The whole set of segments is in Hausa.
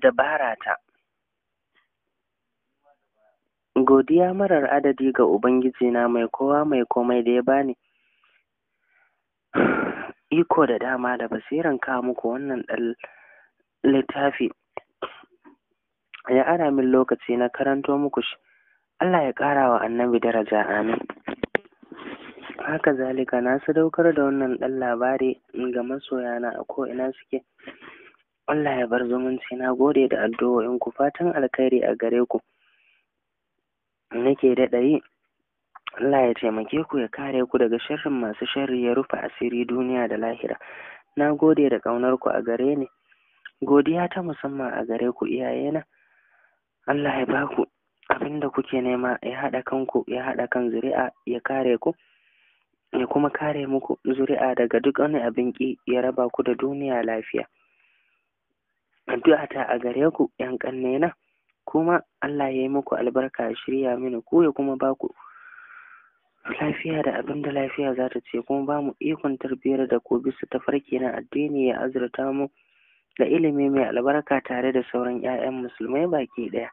dabara ta godiya marar adadi ga Ubangiji na mai kowa mai komai da ya bani iko da dama da basiran kawo muku wannan ɗan littafi ya ara min lokaci na karanto muku shi Allah ya ƙara wa annabi daraja amin haka zalika na sadaukar da wannan ɗan labari ga masoyana a ko'ina suke Allah ya bar zumunci na gode da addu'o'in ku fatan alkhairi a gare ku nake da dai Allah ya taimake ku ya kare ku daga sharrin masu sharri ya rufe asiri duniya da lahira na gode da ƙaunarku ku a gare ni godiya ta musamman a gare ku iyayena Allah ya baku abin da kuke nema ya haɗa kanku ya haɗa kan zuri'a ya kare ku ya kuma kare muku zuri'a daga duk wani abin ki ya raba ku da duniya lafiya addu'ata a gare ku ƴan ƙannena kuma Allah ya yi muku albarka ya shirya mini ko ya kuma ba ku lafiya da abin da lafiya za ta ce kuma ba mu ikon tarbiyyar da ku bisa tafarki na addini ya azurta mu da ilimi mai albarka tare da sauran 'ya'yan musulmai baki ɗaya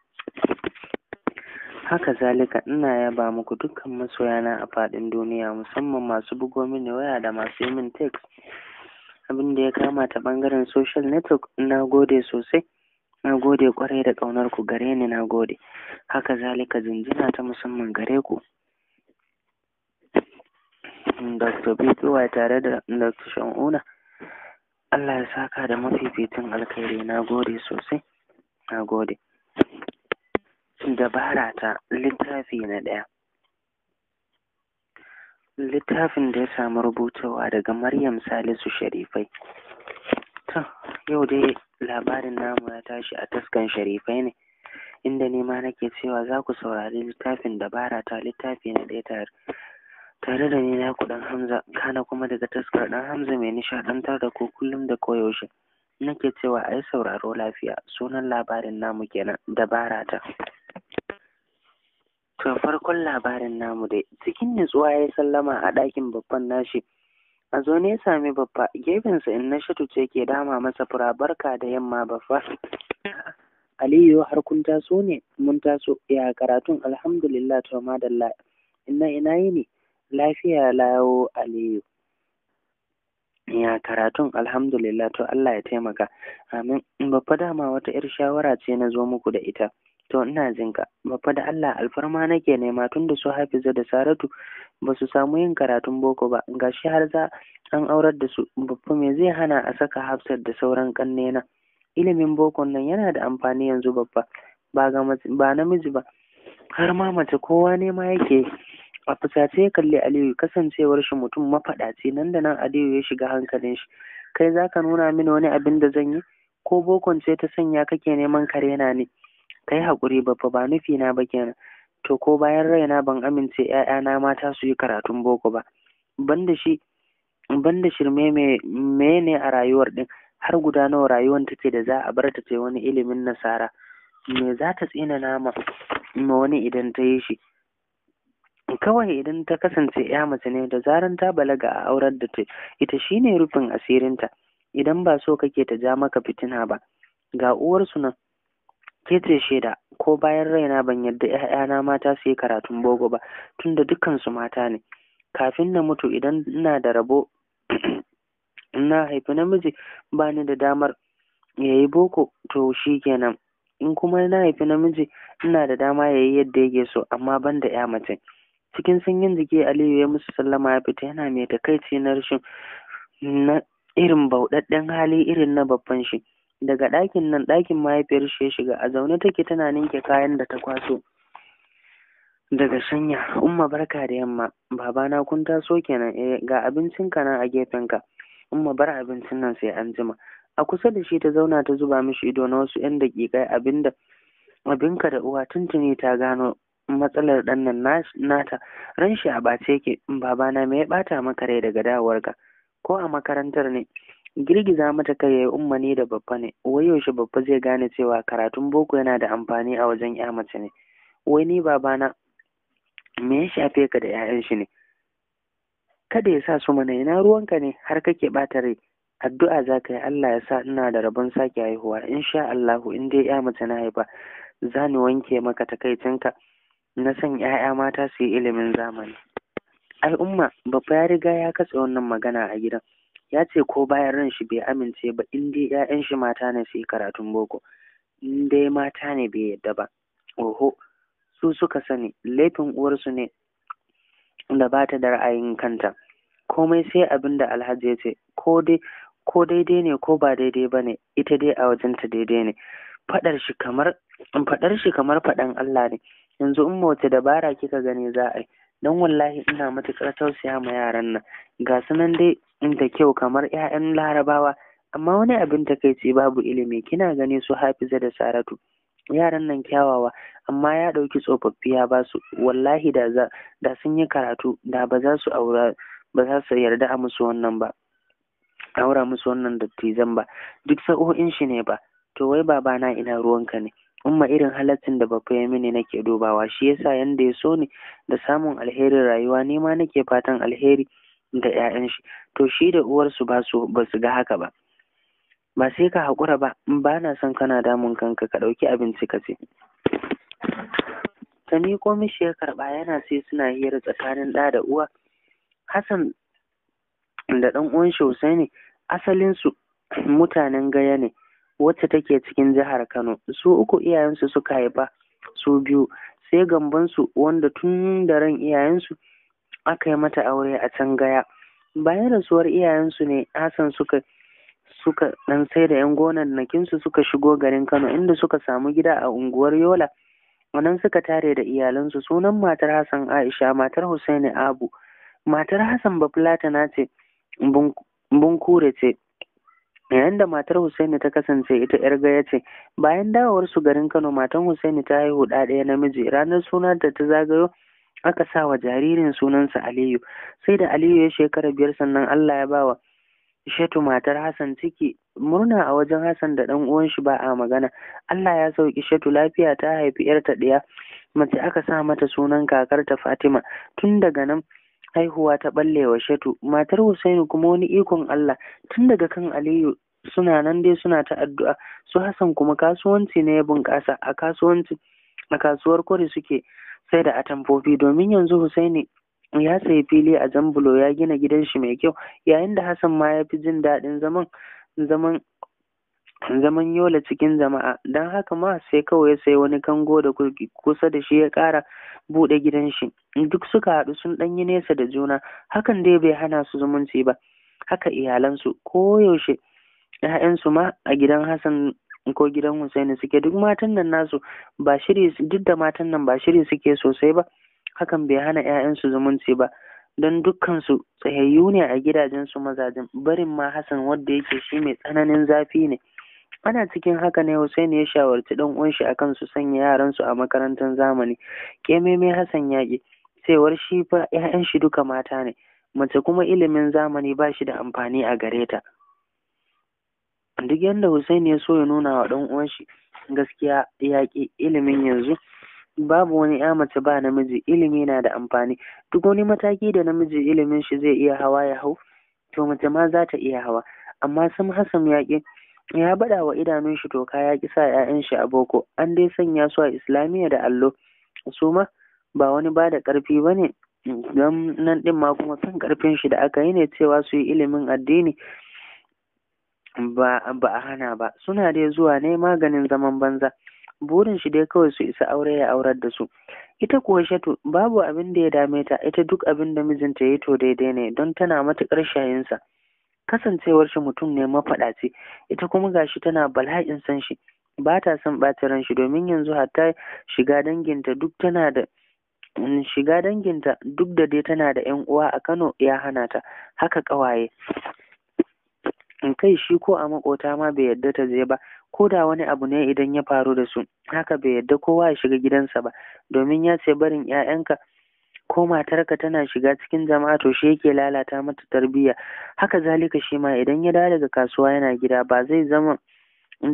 haka zalika ina yaba muku dukkan masoyana a faɗin duniya musamman masu bugo mini waya da masu yi min text abin da ya kama ta ɓangaren social network na gode sosai na gode kwarai da ƙaunar ku gare ni na gode haka zalika jinjina ta musamman gare ku Dr. Bibiwa tare da Dr. Shan'una Allah ya saka da mafificin alkhairi na gode sosai na gode dabara ta littafi na ɗaya littafin da ya samu rubutawa daga Maryam Salisu Sharifai. To, yau dai labarin namu ya tashi a taskan Sharifai ne, inda ne ma nake cewa za ku saurari littafin dabara ta littafi na ɗaya tare. Tare da ni naku ɗan Hamza, kana kuma daga taskar ɗan Hamza mai nishaɗantar da ku kullum da koyaushe. Nake cewa a yi sauraro lafiya, sunan labarin namu kenan dabara ta. To farkon labarin namu dai cikin nutsuwa ya sallama a ɗakin babban nashi. A zo ne sami babba gefensa in na shatu ce ke dama masa fura barka da yamma babba. Aliyu har kun taso ne mun taso ya karatun alhamdulillah to madalla inna ina yi ne lafiya lawo Aliyu. ya karatun alhamdulillah to Allah ya taimaka amin babba dama wata 'yar shawara ce na zo muku da ita to ina jinka babba da Allah alfarma nake nema tun da su Hafiza da Saratu ba su samu yin karatun boko ba gashi har za an aurar da su babba me zai hana a saka Hafsat da sauran kannena ilimin boko nan yana da amfani yanzu babba ba ga ba namiji ba har ma mace kowa ne ma yake a fusace ya kalli Aliyu kasancewar shi mutum mafaɗaci nan da nan Aliyu ya shiga hankalin shi kai zaka nuna mini wani abin da zan yi ko bokon ce ta sanya kake neman kare na ne kai haƙuri babba ba nufi na ba kenan to ko bayan raina ban amince ‘ya'yana mata su yi karatun boko ba banda shi banda shirme me ne a rayuwar din har guda nawa rayuwar take da za a bar ta ta wani ilimin nasara me za ta tsina nama ma wani idan ta yi shi kawai idan ta kasance ya mace ne da zaran ta balaga a aurar da ta ita shine rufin asirinta idan ba so kake ta ja maka fitina ba ga uwarsu nan Ke ce shaida, ko bayan raina ban yarda ‘ya'yana mata su yi karatun boko ba, tunda dukansu mata ne. Kafin na mutu idan ina da rabo na haifi namiji ba ni da damar ya yi boko to shi kenan. In kuma na haifi namiji ina da dama ya yi yadda yake so amma ban da ‘ya mace. Cikin sanyin jiki Aliyu ya musu sallama ya fita yana mai takaici na rashin na irin bauɗaɗɗen hali irin na babban shi. daga ɗakin nan ɗakin mahaifiyar shi ya shiga a zaune take tana ninke kayan da ta kwaso daga shanya umma barka da yamma babana kun taso kenan eh ga abincin ka nan a gefen ka umma bar abincin nan sai an jima a kusa da shi ta zauna ta zuba mishi ido na wasu yan daƙiƙai abinda abinka da uwa tuntuni ta gano matsalar ɗan nata ran shi a ɓace yake babana me ya ɓata maka rai daga dawowarka ko a makarantar ne girgiza mata kai yayi umma ne da babba ne wai yaushe babba zai gane cewa karatun boko yana da amfani a wajen ya mace ne wai ni babana me ya shafe ka da 'ya'yan shi ne kada ya sa su mana ina ruwanka ne har kake bata rai addu'a za ka yi Allah ya sa ina da rabon sake haihuwa insha Allahu in dai ya mace na haifa za ni wanke maka takaicinka na san 'ya'ya mata su yi ilimin zamani Al'umma, babba ya riga ya katse wannan magana a gidan ya ce ko bayan ran shi bai amince ba in dai 'ya'yan shi mata ne su yi karatun boko in dai mata ne bai yadda ba oho su suka sani laifin uwarsu ne da ba ta da ra'ayin kanta komai sai abin da alhaji ya ce ko dai ko daidai ne ko ba daidai ba ne ita dai a wajenta daidai ne faɗar shi kamar faɗar shi kamar faɗan Allah ne yanzu in wace dabara kika gani za a yi don wallahi ina matuƙar tausaya ma yaran nan ga su nan dai da kyau kamar 'ya'yan larabawa amma wani abin takaici babu ilimi kina gani su hafiza da saratu yaran nan kyawawa amma ya ɗauki tsofaffi ya ba su wallahi da sun yi karatu da ba za su aura ba za su yarda a musu wannan ba aura musu wannan dattijan ba duk sa'o'in shi ne ba to wai babana ina ruwanka ne umma irin halaccin da babba ya mini nake dubawa shi yasa yanda ya so ni da samun alherin rayuwa ni ma nake fatan alheri da 'ya'yan shi to shi da uwarsu ba su ba su ga haka ba ba sai ka haƙura ba ba na son kana damun kanka ka ɗauki abinci ka ce ta miƙo mishi ya karɓa yana sai suna hira tsakanin ɗa da uwa hassan da ɗan uwan shi ne, asalinsu mutanen gaya ne wacce take cikin jihar Kano su uku iyayensu suka haifa su biyu sai gambansu wanda tun da ran iyayensu aka yi mata aure a can gaya bayan rasuwar iyayensu ne Hassan suka suka dan sai da yan nakinsu suka shigo garin Kano inda suka samu gida a unguwar Yola wannan suka tare da iyalansu sunan matar Hassan Aisha matar Husaini Abu matar Hassan Bafulatana ce bunkure ce yayin da matar hussaini ta kasance ita yar gaya ce bayan dawowar su garin Kano matan hussaini ta haihu ɗa ɗaya namiji ranar sunan da ta zagayo aka sa wa jaririn sunansa Aliyu sai da Aliyu ya shekara biyar sannan Allah ya bawa Shetu matar Hassan ciki murna a wajen Hassan da ɗan uwan shi ba a magana Allah ya sauki Shetu lafiya ta haifi 'yarta ɗaya mace aka sa mata sunan kakarta Fatima tun daga nan haihuwa ta ballewa shatu matar Husainu kuma wani ikon Allah tun daga kan Aliyu suna nan dai suna ta addu'a su Hassan kuma kasuwanci ne ya bunƙasa a kasuwanci a kasuwar kore suke sai da atamfofi domin yanzu Husaini ya sayi fili a Zambulo ya gina gidan shi mai kyau yayin da Hassan ma ya fi jin daɗin zaman zaman zaman yola cikin jama'a don haka ma sai kawai ya sai wani kango da kusa da shi ya ƙara buɗe gidan shi duk suka haɗu sun ɗan yi nesa da juna hakan dai bai hana su zumunci ba haka iyalansu koyaushe ‘ya'yansu ma a gidan Hassan ko gidan Hussein suke duk matan nan nasu ba shiri duk da matan nan ba shiri suke sosai ba hakan bai hana ‘ya'yansu zumunci ba don dukkansu tsayayyu ne a gidajensu mazajen barin ma Hassan wanda yake shi mai tsananin zafi ne. Ana cikin haka ne Hussein ya shawarci ɗan shi akan su sanya yaransu a makarantar zamani. Kememe Hassan ya ƙi, cewar shi fa 'ya'yan shi duka mata ne, mace kuma ilimin zamani ba shi da amfani a gare ta. Duk yadda Hussein ya so ya nuna wa ɗan shi gaskiya ya ilimin yanzu babu wani ya mace ba namiji ilimi na da amfani duk wani mataki da namiji ilimin shi zai iya hawa ya hau to mace ma za ta iya hawa amma sam Hassan ya ya baɗa wa idanun shi toka ya ƙi sa 'ya'yan shi a boko an dai sanya su a islamiyya da allo su ma ba wani bada da ƙarfi ba ne don nan ɗin ma kuma kan ƙarfin shi da aka yi ne cewa su yi ilimin addini ba a hana ba suna dai zuwa ne maganin zaman banza burin shi dai kawai su isa aure ya aurar da su ita kuwa shatu babu abin da ya dame ta ita duk abin da mijinta ya to daidai ne don tana matuƙar shayinsa kasancewar shi mutum ne mafaɗaci ita kuma gashi tana bala'in san shi ba ta son ɓata ran shi domin yanzu hatta shiga danginta duk tana da mm, shiga danginta duk da dai tana da yan uwa a Kano ya hana ta haka ƙawaye in kai shi ko a makota ma bai yadda ta je ba ko da wani abu ne idan ya faru da su haka bai yadda kowa ya shiga gidansa ba domin ya ce barin 'ya'yanka ko matarka tana shiga cikin jama'a to shi yake lalata mata tarbiyya haka zalika shi ma idan ya dawo daga kasuwa yana gida ba zai zama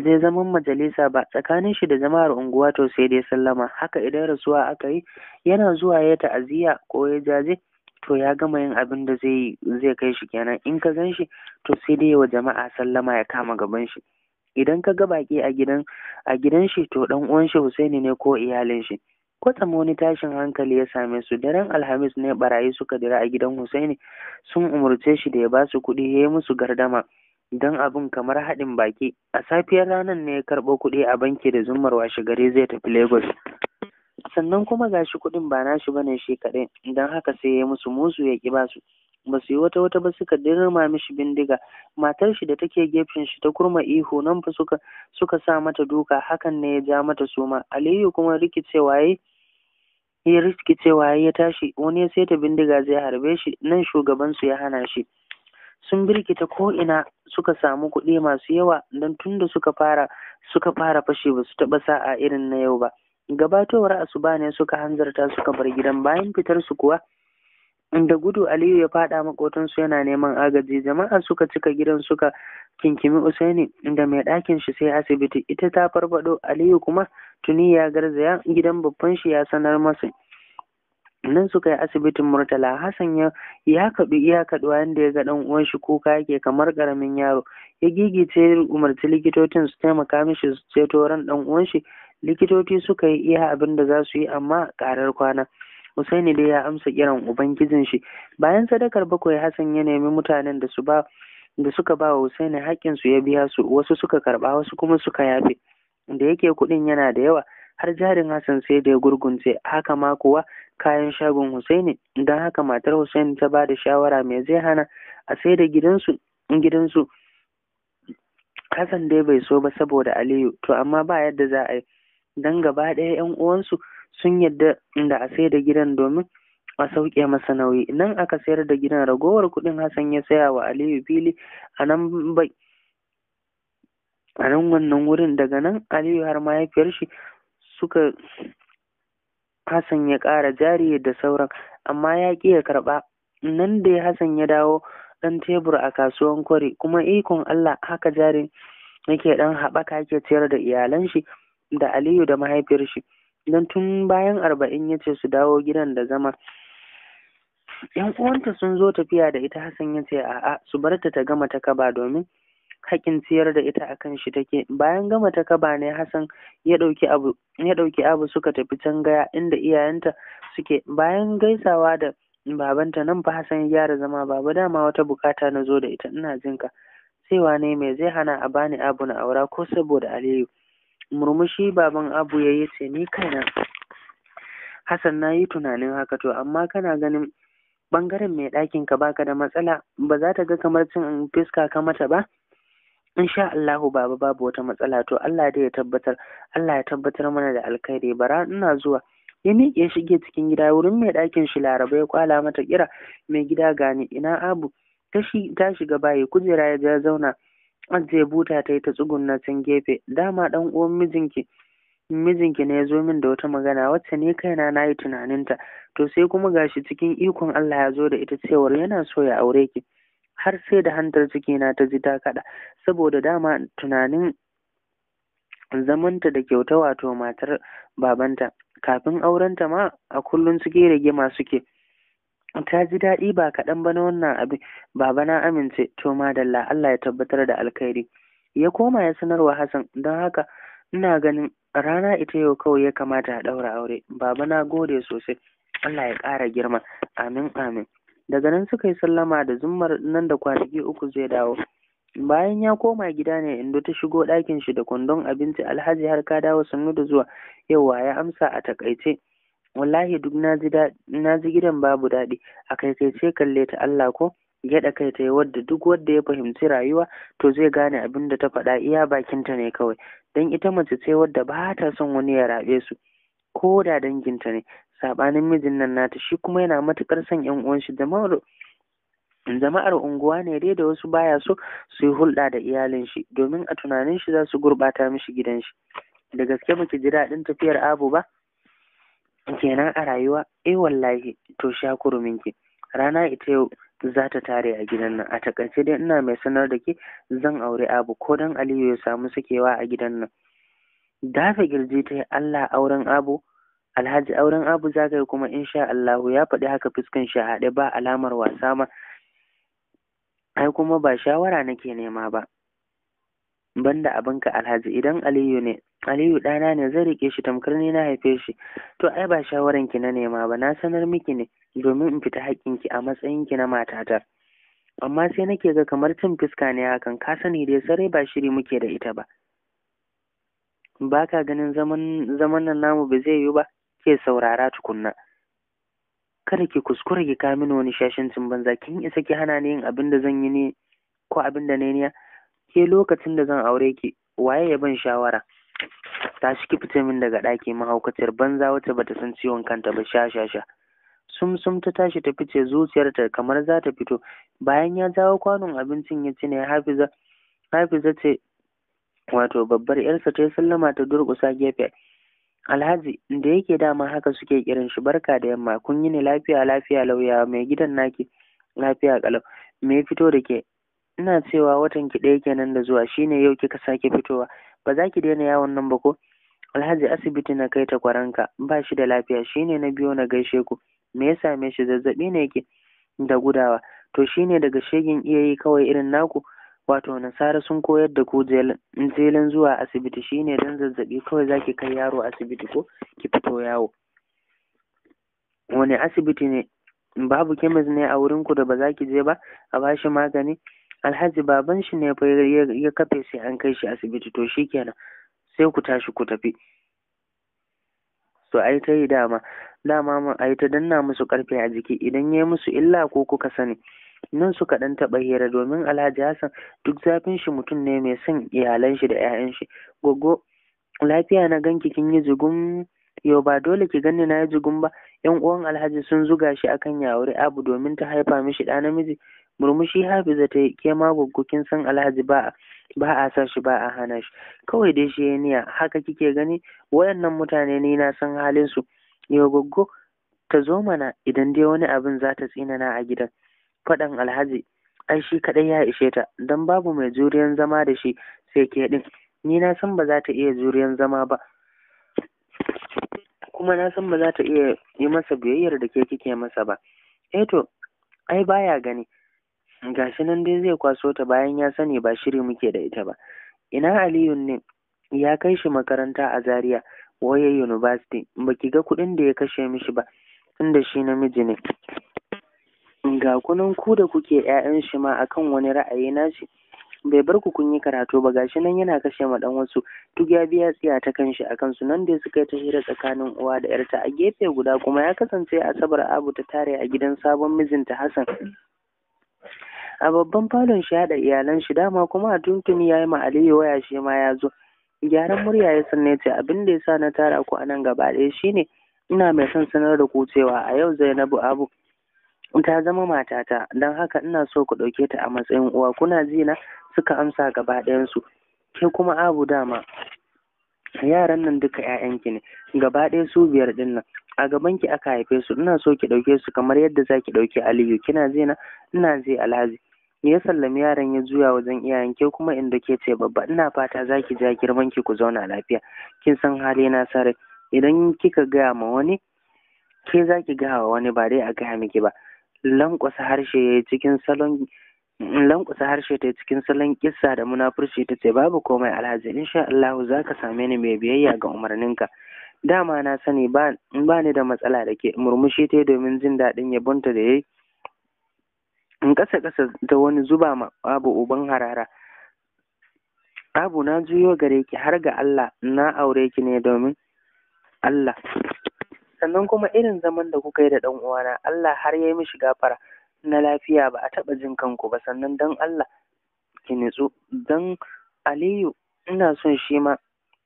zai zama majalisa ba tsakanin shi da jama'ar unguwa to sai dai sallama haka idan rasuwa aka yi yana zuwa ya ta'aziyya ko ya jaje to ya gama yin abin da zai zai kai shi kenan in ka gan shi to sai dai wa jama'a sallama ya kama gaban shi idan ka ga baki a gidan a gidan shi to dan uwan shi Husaini ne ko iyalin shi kwatsam wani tashin hankali ya same su daren alhamis ne barayi suka dira a gidan husaini sun umarce shi da ya ba su kuɗi ya yi musu gardama don abin kamar haɗin baki a safiyar ranar ne ya karɓo kuɗi a banki da zumar washe gari zai tafi lagos sannan kuma gashi kuɗin ba nashi bane shi kaɗai don haka sai ya yi musu musu ya ƙi ba su. ba su yi wata wata ba suka dirma mishi bindiga matar shi da take gefen shi ta kurma ihu nan fa suka suka sa mata duka hakan ne ya ja mata suma aliyu kuma rikice waye ya rikicewa ya tashi wani ya saita bindiga zai harbe shi nan shugaban su ya hana shi sun birkita ko ina suka samu kuɗi masu yawa don tunda suka fara suka fara fashe ba su taɓa sa'a irin na yau ba gabatowar asuba ne suka hanzarta suka bar gidan bayan fitar su kuwa inda gudu Aliyu ya fada makotansu yana neman agaji, jama'a suka cika gidan suka kinkimi Usaini da mai ɗakin shi sai asibiti, ita ta farfado Aliyu kuma tuni ya garzaya gidan babban shi ya sanar masa. Nan suka yi asibitin Murtala Hassan ya ya kaɗu iya kaɗuwa yadda ya ga ɗan uwan shi kuka yake kamar ƙaramin yaro. Ya gigice umarci likitocin su taimaka mishi su ceto ran ɗan uwan shi. Likitoci suka yi iya abin da za su yi amma ƙarar kwana. Hussaini dai ya amsa kiran ubangijin shi bayan sadakar bakwai Hassan ya nemi mutanen da su ba da suka ba wa Husaini haƙƙin su ya biya su wasu suka karɓa wasu kuma suka yafe da yake kuɗin yana da yawa har jarin Hassan sai da ya gurgunce haka ma kuwa kayan shagon Husaini don haka matar Husaini ta ba da shawara mai zai hana a sai da gidansu gidansu Hassan dai bai so ba saboda Aliyu to amma ba yadda za a yi don gaba ɗaya 'yan uwansu sun yadda da a sayar da gidan domin a sauke masa nauyi nan aka sayar da gidan ragowar kuɗin Hassan ya saya wa Aliyu fili a nan bai a nan wannan wurin daga nan Aliyu har mahaifiyar shi suka Hassan ya ƙara jari da sauran amma ya ƙi ya karɓa nan da Hassan ya dawo ɗan tebur a kasuwan kwari kuma ikon Allah haka jarin yake ɗan haɓaka yake ciyar da iyalan shi da Aliyu da mahaifiyar shi don tun bayan arba'in ya ce su dawo gidan da zama yan uwanta sun zo tafiya da ita hassan ya ce a'a su bar ta ta gama ta kaba domin haƙƙin ciyar da ita akan shi take bayan gama ta kaba ne hassan ya ɗauki abu suka tafi can gaya inda iyayenta suke bayan gaisawa da babanta nan fa hassan ya gyara zama baba dama wata bukata na zo da ita ina jinka sai wane mai zai hana a bani abu na aura ko saboda aliyu murmushi baban abu ya yi ce ni kaina hassan na yi tunanin haka to amma kana ganin ɓangaren mai ɗakin ka baka da matsala ba za ta ga kamar cin fiska ka mata ba insha Allahu baba babu wata matsala to Allah dai ya tabbatar Allah ya tabbatar mana da alkhairi bara ina zuwa ya miƙe shige cikin gida wurin mai ɗakin shi laraba ya kwala mata kira mai gida gani ina abu ta shiga bayi kujera ya zauna ajiye buta ta yi ta tsugunna can gefe dama dan uwan mijinki mijinki ne ya zo min da wata magana wacce ne kaina na yi tunaninta to sai kuma gashi cikin ikon Allah ya zo da ita cewar yana so ya aure ki har sai da hantar ciki na ta ji ta kaɗa saboda dama tunanin zamanta da kyauta wato matar babanta kafin aurenta ma a kullum cikin rigima suke Ta ji daɗi ba kaɗan ba na wannan abin baba na amince to madalla Allah ya tabbatar da alkhairi ya koma ya sanarwa Hassan don haka ina ganin rana ita yau kawai ya kamata a ɗaura aure baba na gode sosai Allah ya ƙara girma amin amin daga nan suka yi sallama da zummar nan da kwanaki uku zai dawo bayan ya koma gida ne inda ta shigo ɗakin shi da kwandon abinci alhaji har ka dawo sannu da zuwa yauwa ya amsa a takaice wallahi duk na ji gidan babu daɗi a kaikaice kalle ta Allah ko gyaɗa kai ta yi wadda duk wanda ya fahimci rayuwa to zai gane abin da ta faɗa iya bakinta ne kawai don ita mace ce wadda ba ta son wani ya raɓe su ko da danginta ne saɓanin mijin nan nata shi kuma yana matuƙar son ƴan uwan shi jama'ar unguwa ne dai da wasu baya so su yi hulɗa da iyalin shi domin a tunanin shi za su gurɓata mishi gidan shi da gaske muke ji daɗin tafiyar abu ba kenan a rayuwa eh wallahi to sha ki. rana ita yau za ta tare a gidan nan a takaice dai ina mai sanar da ke zan aure abu ko dan aliyu ya samu sakewa a gidan nan dafe girji ta allah auren abu alhaji auren abu za yi kuma insha allahu ya faɗi haka fuskan shi haɗe ba alamar wasa ma ai kuma ba shawara nake nema ba banda abinka alhaji idan aliyu ne Aliyu ɗana ne zai rike shi tamkar ni na haife shi to ai ba shawaran ki na nema ba na sanar miki ne domin in fita haƙƙin ki a matsayin ki na matata amma sai nake ga kamar cin fuska ne hakan ka sani dai sarai ba shiri muke da ita ba ba ka ganin zaman zaman nan namu ba zai yiwu ba ke saurara tukunna kada ki kuskura ki ka mini wani cin banza kin isa ki hana ni yin abin da zan yi ne ko abin da ne ke lokacin da zan aure ki waye ya ban shawara Ta ki fitamin min daga ɗaki mahaukaciyar banza wacce bata san ciwon kanta ba sha sha sha sum sum ta tashi ta fice zuciyarta kamar za ta fito bayan ya jawo kwanon abincin ya ci ne hafiza hafiza ce wato babbar yarsa ta sallama ta durƙusa gefe alhaji da yake dama haka suke kiran shi barka da yamma kun yi ne lafiya lafiya lauya mai gidan naki lafiya kalau me fito da ke ina cewa watan ki ɗaya kenan da zuwa shine yau kika sake fitowa ba za ki daina yawon nan ba ko alhaji asibiti na kai ta kwaranka ba shi da lafiya shine na biyo na gaishe ku me ya same shi zazzabi ne yake da gudawa to shine daga shegin iyayi kawai irin naku wato nasara sun koyar da ku zelin zuwa asibiti shine don zazzabi kawai zaki kai yaro asibiti ko ki fito yawo wani asibiti ne babu kemis ne a wurin ku da ba za ki je ba a bashi magani alhaji baban shi ne ya kafe sai an kai shi asibiti to shi kenan sai ku tashi ku tafi so ai ta yi dama dama mun ai ta danna musu karfe a jiki idan ya musu illa ko kuka sani nan suka dan taba hira domin alhaji hassan duk zafin shi mutum ne mai son iyalan shi da 'ya'yan shi Goggo, lafiya na ganki kin yi zugun yau ba dole ki gani na yi zugun ba yan uwan alhaji sun zuga shi akan ya abu domin ta haifa mishi ɗa namiji murmushi hafiza ta yi ke ma goggo san alhaji ba ba a sa shi ba a hana shi kawai dai shi ya niya haka kike gani wayannan mutane ni na san halin su yau goggo ta zo mana idan dai wani abin za ta tsinana a gidan faɗan alhaji ai shi kaɗai ya ishe ta don babu mai juriyan zama da shi sai ke ɗin ni na san ba za ta iya juriyan zama ba kuma na san ba za ta iya yi masa biyayyar da ke kike masa ba eh to ai baya gani gashi nan dai zai kwaso ta bayan ya sani ba shiri muke da ita ba ina aliyun ne ya kai shi makaranta a zaria waye university ki ga kuɗin da ya kashe mishi ba tunda shi namiji ne ga kunan ku da kuke 'ya'yan shi ma akan wani ra'ayi na shi bai bar ku kun yi karatu ba gashi nan yana kashe ma dan wasu duk ya biya tsiya ta kan shi a kansu nan dai suka yi ta hira tsakanin uwa da yarta a gefe guda kuma ya kasance asabar abu ta tare a gidan sabon mijinta hassan a babban falon shi haɗa iyalan shi dama kuma a tuntuni ya yi ma aliyu waya shi ma ya zo gyaran murya ya sanne ce abin da ya sa na tara ku a nan gaba ɗaya shine ina mai son sanar da ku cewa a yau zainabu abu ta zama matata don haka ina so ku ɗauke ta a matsayin uwa kuna ji na suka amsa gaba ɗayansu ke kuma abu dama yaran nan duka 'ya'yanki ne gaba ɗaya su biyar ɗin nan a gaban ki aka haife su ina so ki ɗauke su kamar yadda za ki ɗauki aliyu kina zina ina zai alhaji me ya sallami yaran ya juya wajen iyayen ke kuma inda ke ce babba ina fata za ki ja girman ki ku zauna lafiya kin san hali na sare idan kika gaya ma wani ke za ki gaya wa wani ba dai a gaya miki ba lankwasa harshe ya cikin salon lankwasa harshe ta cikin salon kissa da munafurci ta ce babu komai alhaji insha Allah za ka same ni mai biyayya ga umarninka dama na sani ba ni da matsala da ke murmushi ta domin jin daɗin yabonta da yi. in ƙasa ƙasa da wani zuba ma babu uban harara Abu na juyo gare ki har ga Allah na aure ki ne domin Allah sannan kuma irin zaman da kuka yi da ɗan uwana Allah har ya yi mishi gafara na lafiya ba a taɓa jin kanku ba sannan don Allah ki nitsu don Aliyu ina son shi ma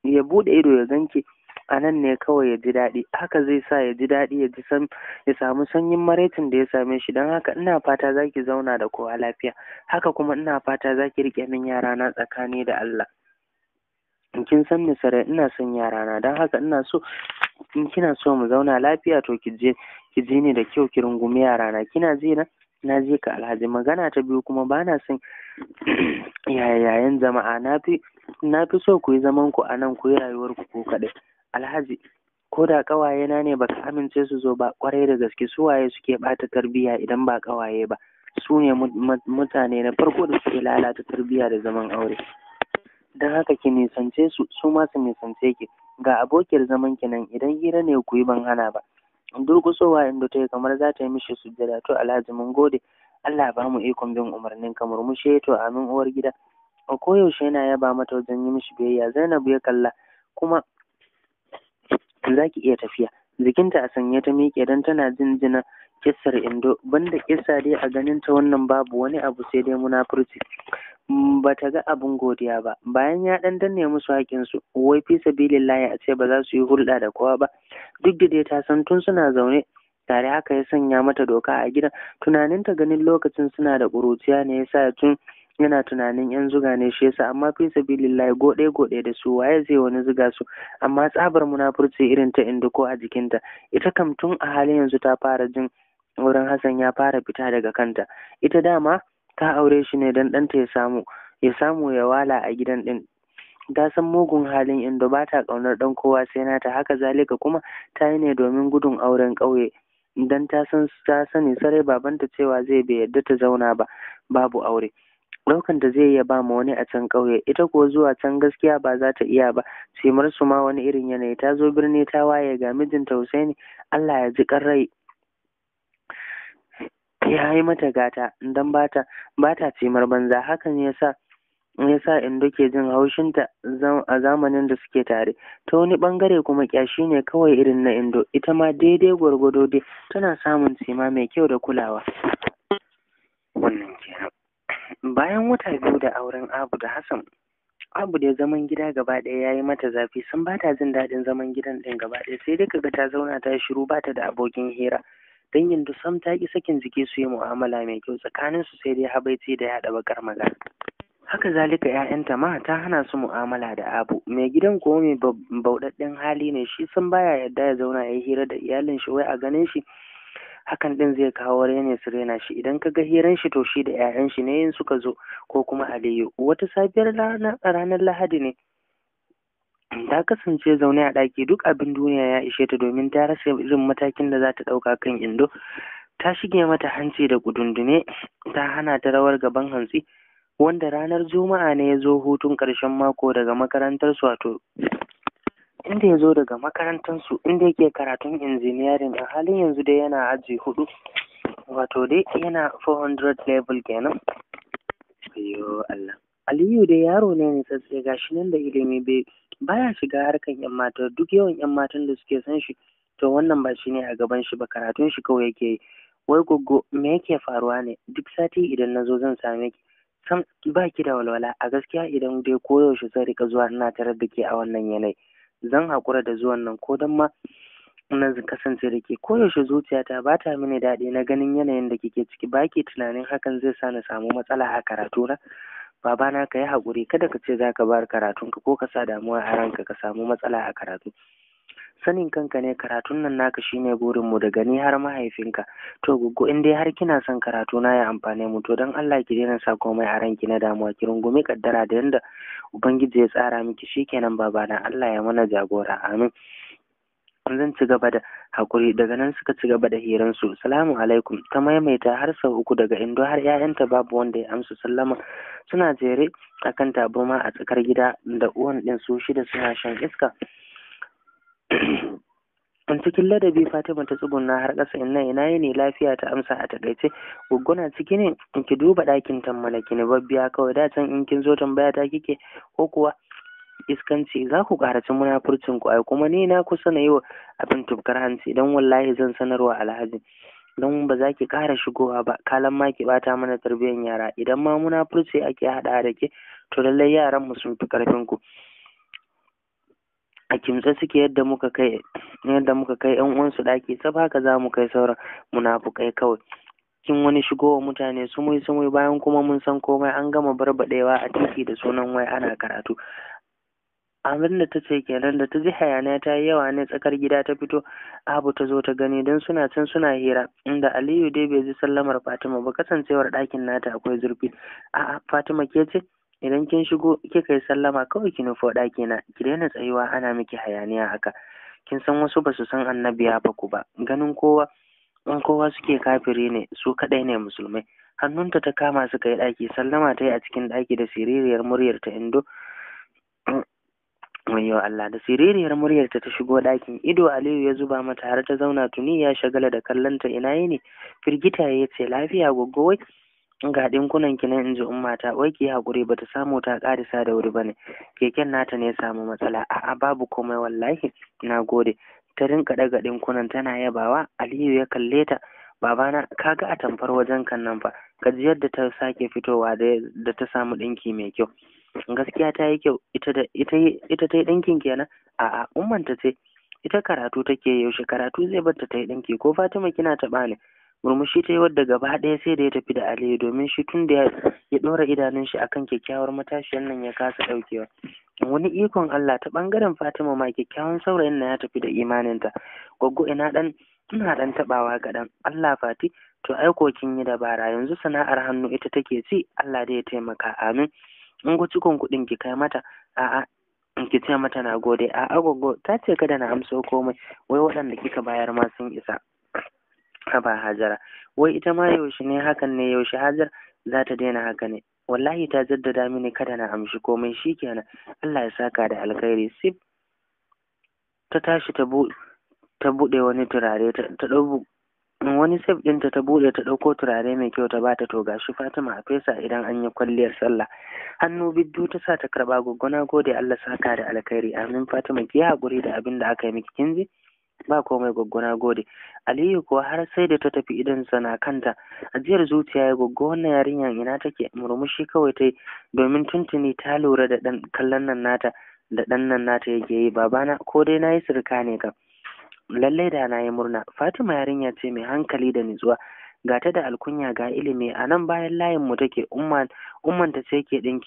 ya buɗe ido ya ganki a nan ne kawai ya ji daɗi haka zai sa ya ji daɗi ya ji san ya samu sanyin maraicin da ya same shi don haka ina fata za ki zauna da kowa lafiya haka kuma ina fata za ki riƙe min yarana tsakani da Allah kin san ni sarai ina son yarana don haka ina so in kina so mu zauna lafiya to ki je ki je ni da kyau ki rungumi yarana kina ji na na je ka alhaji magana ta biyu kuma ba na son yayayen jama'a na fi na fi so ku yi zaman ku a nan ku yi rayuwar ku ko kaɗai alhaji ko da na ne ba baka amince su zo ba ƙwarai da gaske su waye suke ɓata tarbiyya idan ba ƙawaye ba su ne mutane na farko da suke lalata tarbiyya da zaman aure don haka ki nisance su su ma su nisance ki ga abokiyar zaman ki nan idan hira ne ku yi ban hana ba durƙusowa inda ta yi kamar za ta yi mishi sujjada to alhaji mun gode Allah ba mu ikon bin umarnin mu murmushe to amin uwar gida a koyaushe yana yaba mata wajen yi mishi biyayya Zainabu ya kalla kuma za ki iya tafiya jikinta a sanye ta miƙe don tana jin jinjina kissar indo banda kissa dai a ganin ta wannan babu wani abu sai dai munafurci mm, ba ta ga abin godiya ba bayan ya dan danne musu haƙin su wai fi sabilillahi a ce ba za su yi hulɗa da kowa ba duk da dai ta san tun suna zaune tare haka ya sanya mata doka a gidan tunaninta ganin lokacin suna da ƙuruciya ne yasa tun yana tunanin yan zuga ne shi yasa amma fi sabilillahi goɗe-goɗe da su waye zai wani zuga su amma tsabar munafurci irin ta ko a jikinta ita kam tun a halin yanzu ta fara jin wurin Hassan ya fara fita daga kanta ita dama ta aure shi ne dan ɗanta ya samu ya samu ya wala a gidan ɗin ta san mugun halin indo ba ta ƙaunar ɗan kowa sai nata haka zalika kuma ta yi ne domin gudun auren ƙauye dan ta san ta sani sarai babanta cewa zai bai yarda ta zauna ba babu aure ɗaukan da zai iya ba ma wani a can ƙauye ita kuwa zuwa can gaskiya ba za ta iya ba simar su ma wani irin yanayi ta zo birni ta waye ga mijinta Husaini Allah ya ji rai ya yi mata gata dan bata bata cimar banza hakan yasa yasa indo ke jin haushinta a zamanin da suke tare ta wani bangare kuma kyashi ne kawai irin na indo ita ma daidai gwargwado dai tana samun cima mai kyau da kulawa wannan kenan bayan wata biyu da auren abu da hassan abu da zaman gida gaba ɗaya ya yi mata zafi sun ba ta jin daɗin zaman gidan ɗin gaba ɗaya sai dai kaga ta zauna ta shiru ba ta da abokin hira dangin da sam ta ƙi sakin jiki su yi mu'amala mai kyau tsakanin su sai dai habaici da yaɗa bakar magana haka zalika 'ya'yanta ma ta hana su mu'amala da abu mai gidan kuwa mai bauɗaɗɗen hali ne shi sun baya yarda ya zauna ya hira da iyalin shi wai a ganin shi hakan ɗin zai kawo rene su rena shi idan ka ga hirar shi to shi da 'ya'yan shi ne in suka zo ko kuma aliyu wata safiyar ranar lahadi ne ta kasance zaune a ɗaki duk abin duniya ya ishe ta domin ta rasa irin matakin da za ta ɗauka kan indo ta shige mata hanci da kudundune ta hana ta rawar gaban hantsi wanda ranar juma'a ne ya zo hutun ƙarshen mako daga makarantar su wato inda ya zo daga makarantarsu inda yake karatun injiniyarin a halin yanzu dai yana aji hudu wato dai yana 400 level kenan ayo Allah Aliyu dai yaro ne ne tsatse gashi nan da ilimi bai baya shiga harkan yan mata duk yawan yan matan da suke san shi to wannan ba shi ne a gaban shi ba karatun shi kawai yake yi wai goggo me yake faruwa ne duk sati idan na zo zan same ki sam ba ki da walwala a gaskiya idan dai koyaushe zan rika zuwa ina tarar da ke a wannan yanayi zan haƙura da zuwan nan ko don ma zan kasance da ke koyaushe zuciyata ba ta mini daɗi na ganin yanayin da kike ciki ba ki tunanin hakan zai sa na samu matsala a karatuna babana ka yi haƙuri kada ka ce za ka bar karatunka ko ka sa damuwa a ranka ka samu matsala a karatu sanin kanka ne karatun nan naka shine burin mu daga ni har mahaifinka to gugu in dai har kina son karatu na ya amfane mu to dan Allah ki daina sa komai a ranki na damuwa ki rungumi kaddara da yanda ubangiji ya tsara miki shikenan baba na Allah ya mana jagora amin zan ci gaba da hakuri daga nan suka ci gaba da su. salamu alaikum ta maimaita har sau uku daga indo har 'ya'yanta babu wanda ya amsa sallama suna jere akan taboma a tsakar gida da uwan din su shida suna shan iska an cikin ladabi fatima ta tsuguna har ƙasa ina ina ne lafiya ta amsa a takaice na ciki ne ki duba ɗakin tammala ki ne babbiya kawai da can in kin zo tambaya ta kike ko kuwa iskanci za ku karaci munafurcin ku ai kuma ni na kusa na yi wa abin tubkar hanci dan wallahi zan sanarwa alhaji don ba za ki ƙara shigowa ba kalan ma ki bata mana tarbiyyar yara idan ma munafurci ake haɗa da ke to lallai yaran mu sun fi ƙarfin ku a kimtsa suke yadda muka kai yadda muka kai yan uwansu ɗaki sab haka za mu kai sauran munafukai kawai kin wani shigo wa mutane sumui sumui bayan kuma mun san komai an gama barbaɗewa a titi da sunan wai ana karatu abin da ta ce kenan da ta ji hayaniya ta yi yawa ne tsakar gida ta fito abu ta zo ta gani don suna can suna hira inda aliyu dai bai ji sallamar fatima ba kasancewar ɗakin nata akwai zurfi a'a fatima ke ce idan kin shigo kika yi sallama kawai ki nufo ɗaki na ki daina tsayuwa ana miki hayaniya haka kin san wasu ba su san annabiya ba baku ba ganin kowa in kowa suke kafiri ne su kaɗai ne musulmai hannunta ta kama suka yi ɗaki sallama ta yi a cikin ɗaki da siririyar muryar ta indo wayo Allah da siririyar muryar ta shigo ɗakin ido Aliyu ya zuba mata har ta zauna tuni ya shagala da kallon ta ina ne firgita ya ce lafiya goggo wai ga ɗinkunan ki nan in ji umma ta wai ki hakuri bata samu ta karisa da wuri bane keken nata ne ya samu matsala a'a babu komai wallahi na gode ta rinka ɗaga ɗinkunan tana yabawa aliyu ya kalle ta babana kaga a tamfar wajen kan nan fa ka ji yadda ta sake fitowa da ta samu ɗinki mai kyau gaskiya ta yi kyau ita da ita ita ta yi ɗinkin kenan a'a umman ta ce ita karatu take yaushe karatu zai bar ta ta yi ɗinki ko fatima kina taɓa ne murmushi ta yi wadda gaba ɗaya sai da ya tafi da aliyu domin shi tun da ya ɗora idanun shi akan kyakkyawar matashiyar nan ya kasa ɗaukewa wani ikon Allah ta ɓangaren Fatima ma kyakkyawan saurayin na ya tafi da imaninta gwaggo ina ɗan ina ɗan taɓawa gaɗan, Allah fati to aiko kin yi dabara yanzu sana'ar hannu ita take ci Allah da ya taimaka amin in ku cikon kuɗin ki kai mata a'a ki ce mata na gode a'a gwaggo ta ce kada na amso komai wai waɗanda kika bayar ma sun isa haba hajara wai ita ma yaushe ne hakan ne yaushe hajar za ta daina haka ne wallahi ta jaddada mini kada na amshi komai shikenan Allah ya saka da alkhairi sif ta tashi ta ta bude wani turare ta wani sif ɗinta ta bude ta dauko turare mai kyau ta bata to gashi Fatima a fesa idan an yi kwalliyar sallah hannu biddu ta sa ta karba goggona gode Allah saka da alkhairi amin Fatima ki hakuri da abin da aka yi miki kinji ba komai gwaggona gode aliyu kuwa har sai da ta tafi idan na kanta ajiyar zuciya ya gwaggo wannan yarinyar ina take murmushi kawai ta yi domin tuntuni ta lura da ɗan kallon nan nata da ɗan nan nata yake yi babana ko dai na yi sirka ne kam lallai da na yi murna fatima yarinya ce mai hankali da nutsuwa ga ta da alkunya ga ilimi a nan bayan layin mu take umman ta ce ke in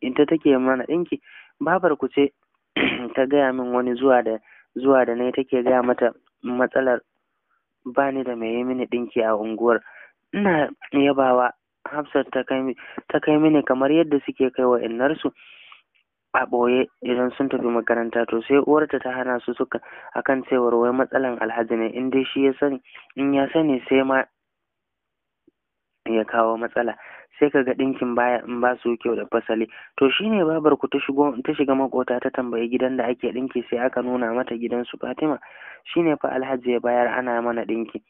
ita take mana ɗinki babar ku ce ta gaya min wani zuwa da zuwa da nayi take gaya mata matsalar ba ni da mai yi mini ɗinki a unguwar ina yabawa hafsat ta kai mini kamar yadda suke kai wa innarsu a ɓoye idan sun tafi makaranta to sai uwarta ta hana su suka akan cewar wai matsalar alhaji ne in dai shi ya sani in ya sani sai ma ya kawo matsala sai ka ga ɗinkin baya in ba su kyau da fasali to shine babar ku ta shiga makota ta tambayi gidan da ake ɗinki sai aka nuna mata gidan su Fatima shine fa Alhaji ya bayar ana mana ɗinki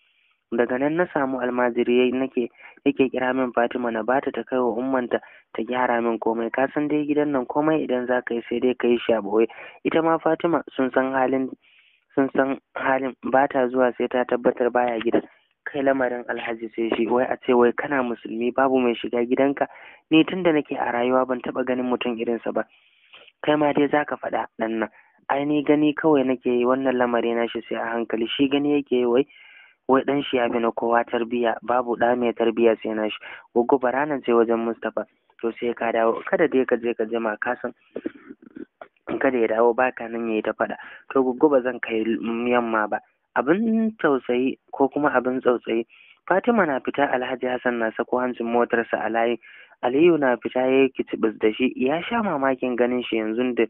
daga nan na samu almajiri nake yake kira min Fatima na bata ta kai wa ummanta ta gyara min komai ka san dai gidan nan komai idan za ka yi sai dai ka yi shi a boye ita ma Fatima sun san halin sun san halin ba ta zuwa sai ta tabbatar baya gidan kai lamarin alhaji sai shi wai a ce wai kana musulmi babu mai shiga gidanka ni tun da nake a rayuwa ban taɓa ganin mutum irinsa ba kai ma dai zaka faɗa ɗan nan ai ni gani kawai nake yi wannan lamari na shi sai a hankali shi gani yake yi wai wai dan shi ya fi na kowa tarbiya babu ɗa mai tarbiya sai na shi gogo nan sai wajen mustapha to sai ka dawo kada dai ka je ka jima ka san kada ya dawo baka nan yayi ta faɗa to gogo ba zan kai yamma ba abin tausayi ko kuma abin tsautsayi fatima na fita alhaji hassan na sako hancin motarsa a layi aliyu na fita ya yi kicibis da shi ya sha mamakin ganin shi yanzu da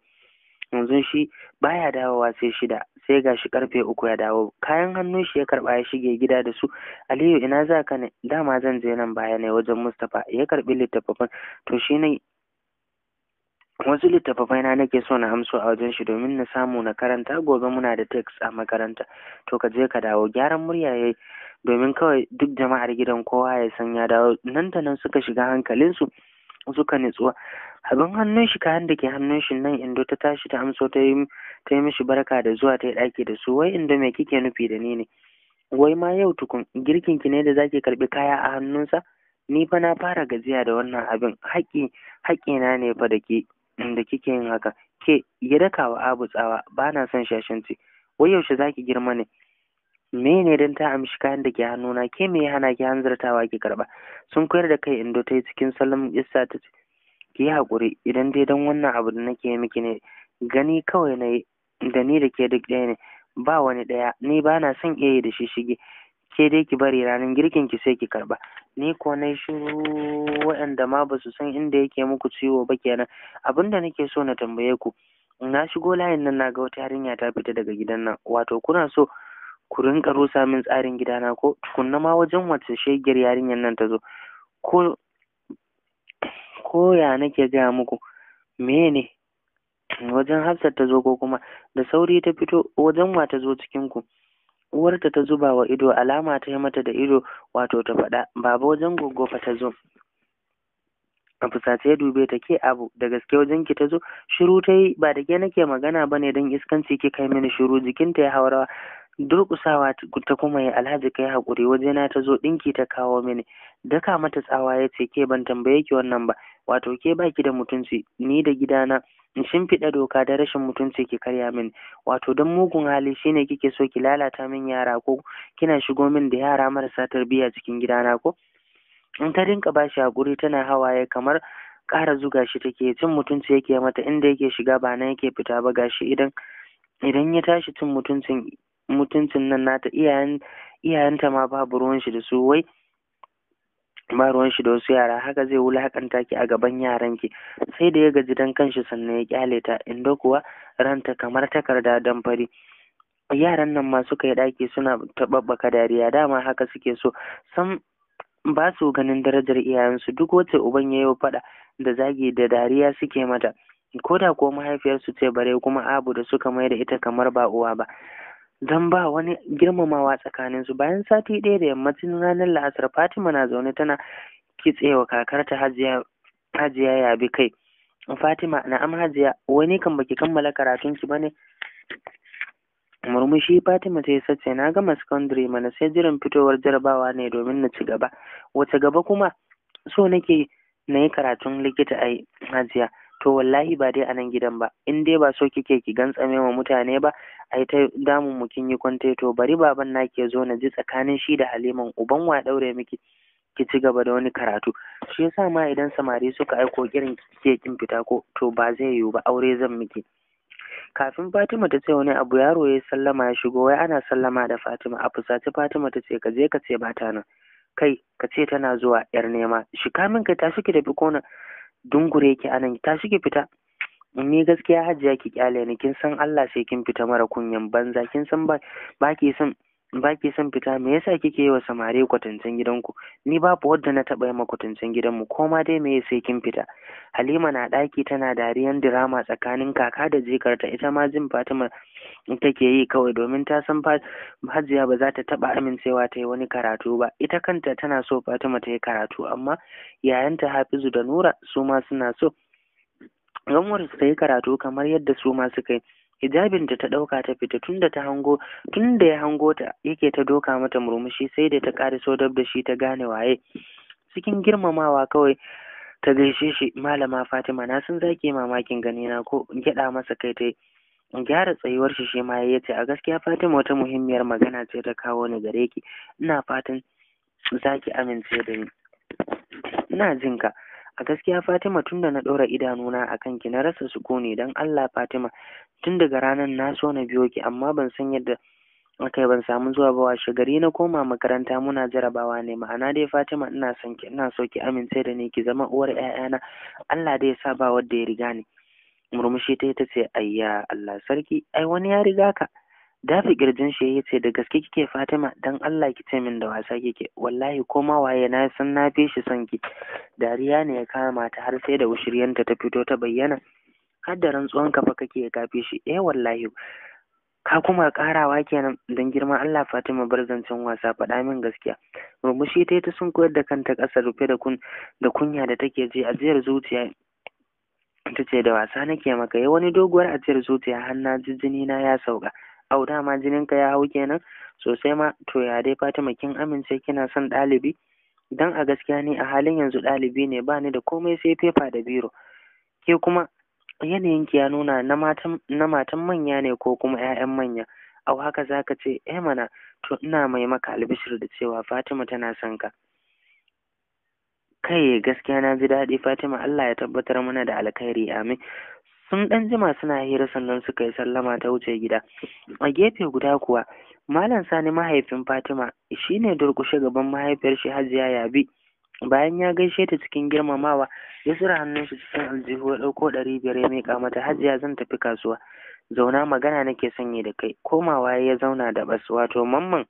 yanzu shi baya dawowa sai shida sai gashi karfe uku ya dawo kayan hannu shi ya karba ya shige gida da su aliyu ina za ka ne dama zan je nan baya ne wajen mustapha ya karbi littattafan to shi ne wasu littattafai na nake so na amso a wajen shi domin na samu na karanta gobe muna da text a makaranta to ka je ka dawo gyaran murya yayi domin kawai duk jama'ar gidan kowa ya san ya dawo nan da nan suka shiga su suka nutsuwa abin hannun shi kayan da ke hannun shi nan indo ta tashi ta amso ta yi ta yi mishi barka da zuwa ta yi ɗaki da su wai indo me kike nufi da ni ne wai ma yau tukun girkin ki ne da zaki karbi kaya a hannunsa ni fa na fara gajiya da wannan abin haƙi na ne fa da ke da kike yin haka ke ya daka wa abu tsawa ba na son ce. wai yaushe zaki girma ne me ne dan ta amshi kayan da ke hannuna ke me hana ki hanzartawa ki karba sun koyar da kai indo ta yi cikin salon isa ta ce ki yi haƙuri idan dai don wannan abu da nake miki ne gani kawai na yi da ni da ke duk ɗaya ne ba wani ɗaya ni ba na son iya yi da shi shige ke dai ki bari ranar girkin ki sai ki karba ni ko na shiru waɗanda ma ba su san inda yake muku ciwo ba kenan abin da nake so na tambaye ku na shigo layin nan na ga wata yarinya ta fita daga gidan nan wato kuna so ku rinka rusa min tsarin gidana ko tukunna ma wajen wace shegiyar yarinyar nan ta zo ko ko ya nake gaya muku Mene wajen hafsat ta zo ko kuma da sauri ta fito wajen wa ta zo cikin ku uwarta ta zuba wa ido alama ta yi mata da ido wato ta faɗa baba wajen goggo fa ta zo a fusace ya dube ta ke abu da gaske wajen ki ta zo shiru ta yi ba da ke nake magana ba ne don iskanci ki kai mini shiru jikinta ya haurawa durƙusawa ta kuma yi alhaji kai haƙuri wajena ta zo ɗinki ta kawo mini daka mata tsawa ya ce ke ban tambaye ki wannan ba wato ke baki da mutunci ni da gidana in shimfiɗa doka da rashin mutunci ki karya min wato don mugun hali shine kike so ki lalata min yara ko kina shigo min da yara marasa tarbiyya cikin gidana ko in ta rinka bashi hakuri tana hawaye kamar ƙara zuga shi take cin mutunci yake mata inda yake shiga ba na yake fita ba gashi idan idan ya tashi cin mutuncin mutuncin nan nata iyayen iyayenta ma babu ruwan shi da su wai ba ruwan shi da wasu yara haka zai wulakanta ki a gaban yaran ki sai da ya gaji dan kanshi sannan ya kyale ta inda kuwa ranta kamar takarda dan fari yaran nan ma suka yi ɗaki suna taɓaɓɓaka dariya dama haka suke so san ba su ganin darajar iyayensu duk wacce uban ya yi faɗa da zagi da dariya suke mata ko da ko mahaifiyarsu ce bare kuma abu da suka mai da ita kamar ba uwa ba don ba wani girmamawa tsakaninsu bayan sati ɗaya da yammacin ranar la'asar fatima na zaune tana kitsewa kakarta hajiya hajiya yabi kai fatima na'am hajiya wani kan baki kammala karatunki ne. murmushi fatima ta yi sace na gama secondary mana sai jiran fitowar jarabawa ne domin na ci gaba wace gaba kuma so nake na yi karatun likita ai hajiya to wallahi ba dai a nan gidan ba in dai ba so kike ki gantsame wa mutane ba A yi ta damun mu kin yi kwantai. to bari baban na ke zo na ji tsakanin shi da haliman uban wa daure miki ki ci gaba da wani karatu shi yasa ma idan samari suka aiko kirin kike kin fita ko to ba zai yiwu ba aure zan miki kafin Fatima ta ce wani abu yaro ya sallama ya shigo wai ana sallama da Fatima a fusace Fatima ta ce ka je ka ce ba ta nan kai ka ce tana zuwa yar nema shi kamin kai tashi ki tafi kona dungure yake anan ta tashi ki fita ni gaskiya hajiya ki kyale ni kin san Allah sai kin fita mara kunyan banza kin san ba ba ki san ba ki son fita me yasa kike yi wa samari samare gidan gidanku ni babu wadda na taɓa yi ma kwatancen gidanmu ko ma dai meye sai kin fita halima na ɗaki tana dariyan dirama tsakanin kaka da jikarta ita ma jin fatima take yi kawai domin ta san hajiya ba za ta taɓa amincewa ta yi wani karatu ba ita kanta tana so fatima ta yi karatu amma yayanta hafizu da nura su ma suna so Gamwar su ta yi karatu kamar yadda su ma suka yi hijabinta ta ɗauka ta fita tunda ta hango da ya hango ta yake ta doka mata murmushi sai da ta ƙariso dab da shi ta gane waye cikin girmamawa kawai ta gaishe shi malama fatima na san zaki mamakin gani na ko gyaɗa masa kai ta gyara tsayuwar shi shi ma ya ce a gaskiya fatima wata muhimmiyar magana ce ta kawo ni gare ki ina fatan zaki amince da ni ina jinka a gaskiya Fatima tun da na ɗora idanuna a kanki na rasa sukuni don Allah Fatima tun daga ranar na so na biyo ki amma ban san yadda akai ban samu zuwa ba washe gari na koma makaranta muna jarabawa ne ma'ana dai Fatima ina son ki ina so ki amince da ni ki zama uwar ƴaƴana Allah dai ya sa ba wanda ya riga ni murmushi ta ta ce ayya Allah sarki ai wani ya riga ka dafi kirjin shi ya ce da gaske kike Fatima dan Allah ki ce min da wasa kike wallahi ko ma waye na san na fi shi son ki dariya ne ya kama ta har sai da ushiryanta ta fito ta bayyana har da rantsuwan kafa kake ya kafi shi eh wallahi ka kuma karawa kenan dan girma, Allah Fatima bar zancen wasa faɗa min gaskiya murmushi ta ta sun koyar da kanta ƙasa rufe da kunya da take ji ajiyar zuciya ta ce da wasa nake maka ya eh, wani doguwar ajiyar zuciya har na jijjini na ya sauka ma jinin ka ya hau kenan sosai ma to ya dai Fatima kin amince kina son ɗalibi dan a gaskiya ni a halin yanzu ɗalibi ne ba ni da komai sai fefa da biro ke kuma yanayinki ya nuna na matan na matan manya ne ko kuma 'ya'yan manya au haka zaka ce eh mana to ina mai maka albishir da cewa Fatima tana son ka kai gaskiya na ji daɗi Fatima Allah ya tabbatar mana da alkhairi amin sun ɗan jima suna hira sannan suka yi sallama ta wuce gida a gefe guda kuwa malam sani mahaifin fatima shine durƙushe gaban mahaifiyar shi hajiya yabi bayan ya gaishe ta cikin girmamawa ya tsira hannun shi cikin aljihu ya ɗauko ɗari biyar ya miƙa mata hajiya zan tafi kasuwa zauna magana nake sanye da kai komawa ya zauna da bas wato mamman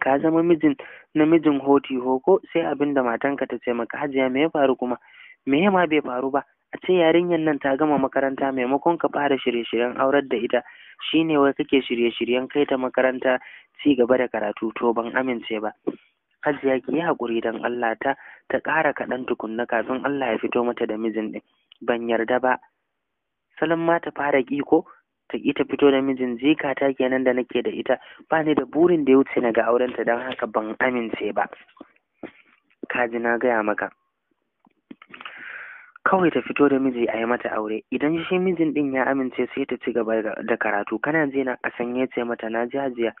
ka zama mijin namijin hoti hoko sai abin matanka ta ce maka hajiya me ya faru kuma me ma bai faru ba a ce yarinyar nan ta gama makaranta maimakon ka fara shirye-shiryen aurar da ita shine wai kake shirye-shiryen kai ta makaranta ci gaba da karatu to ban amince ba hajiya ki yi haƙuri don Allah ta ta ƙara kaɗan tukunna kafin Allah ya fito mata da mijin ɗin ban yarda ba salon ma ta fara ƙi ko ta ƙi ta fito da mijin jika ta kenan da nake da ita ba ni da burin da ya wuce na ga aurenta don haka ban amince ba kaji na gaya maka kawai ta fito da miji a yi mata aure idan shi mijin din ya amince sai ta ci gaba da karatu kana ji na kasan ya ce mata na ji hajiya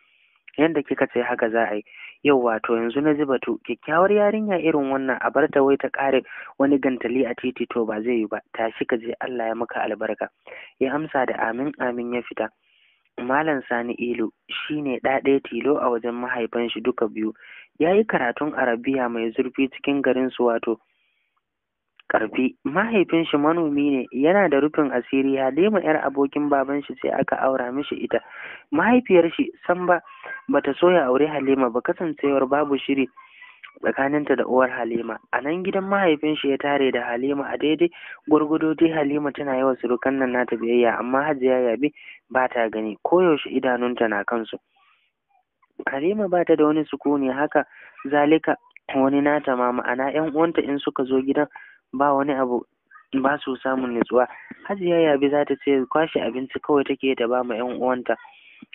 yadda kika ce haka za a yi yau wato yanzu na ji batu kyakkyawar yarinya irin wannan a bar ta wai ta kare wani gantali a titi to ba zai yi ba tashi ka je Allah ya maka albarka ya amsa da amin amin ya fita Malam Sani Ilu shi ne ɗaɗaya tilo a wajen mahaifan shi duka biyu, ya yi karatun Arabiya mai zurfi cikin garin su wato Ƙarfi mahaifin shi manomi ne yana da rufin asiri halima yar abokin baban shi sai aka aura mishi ita mahaifiyar shi san ba bata so ya aure halima ba kasancewar babu shiri tsakaninta da uwar halima a nan gidan mahaifin shi ya tare da halima a daidai gwargwado dai halima tana yawan surukan nan nata biyayya amma hajiya yabi ba ta gani koyaushe idanunta na kansu halima ba ta da wani sukuni haka zalika wani nata ma ma'ana yan uwanta in suka zo gidan ba wani abu ba su samun nutsuwa hajiya yabi za ta ce kwashe abinci kawai take ta ba ma yan uwanta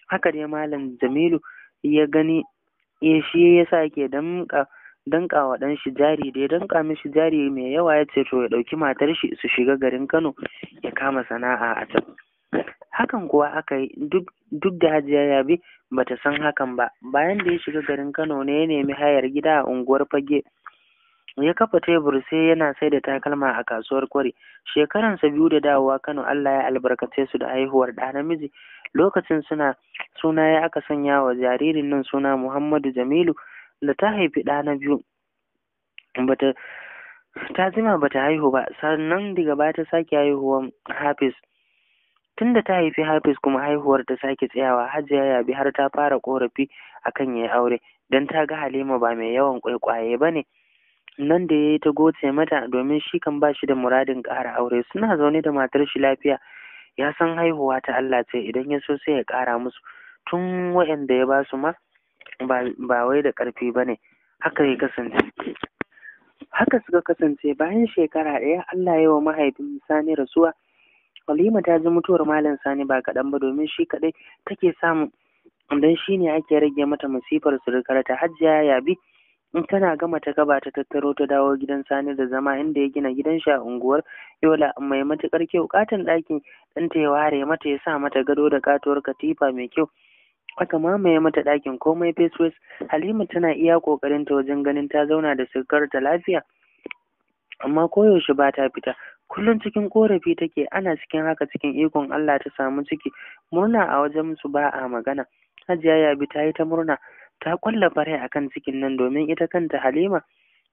haka dai malam jamilu ya gani ya shi ya sa ke damƙa danka wa dan shi jari da ya danka mishi jari mai yawa ya ce to ya ɗauki matar shi su shiga garin Kano ya kama sana'a a can hakan kuwa aka yi duk da hajiya yabi bata san hakan ba bayan da ya shiga garin Kano ne ya nemi hayar gida a unguwar fage ya kafa tebur sai yana sai da takalma a kasuwar kwari Shekaran sa biyu da dawowa kano allah ya albarkace su da haihuwar ɗa namiji lokacin suna suna ya aka sanya wa jaririn nan suna muhammadu jamilu da ta haifi ɗa na biyu bata ta jima bata haihu ba sannan daga baya ta sake haihuwar hafiz tunda ta haifi hafiz kuma haihuwar ta sake tsayawa hajiya ya bi har ta fara korafi akan yayi aure don ta ga halima ba mai yawan kwaikwaye ba ne nan da ya yi ta goce mata domin shi kan ba shi da muradin ƙara aure suna zaune da matar shi lafiya ya san haihuwa ta Allah ce idan ya so sai ya ƙara musu tun waɗanda ya ba su ma ba wai da ƙarfi ba ne haka ya kasance haka suka kasance bayan shekara ɗaya Allah ya wa mahaifin Sani rasuwa Halima ta ji mutuwar Malam Sani ba kaɗan ba domin shi kaɗai take samu don shi ne ake rage mata masifar surukarta ya bi in tana gama ta gaba ta tattaro ta dawo gidan sani da zama inda ya gina gidan shi a unguwar yola mai matukar kyau katon ɗakin ɗanta ya ware mata ya sa mata gado da katuwar katifa mai kyau aka mamaye mata ɗakin komai fesfes halima tana iya ƙoƙarin ta wajen ganin ta zauna da sukar ta lafiya amma koyaushe ba ta fita kullum cikin korafi take ana cikin haka cikin ikon allah ta samu ciki murna a wajen su ba a magana hajiya yabi ta yi ta murna ta ƙulla farai kan cikin nan domin ita kanta Halima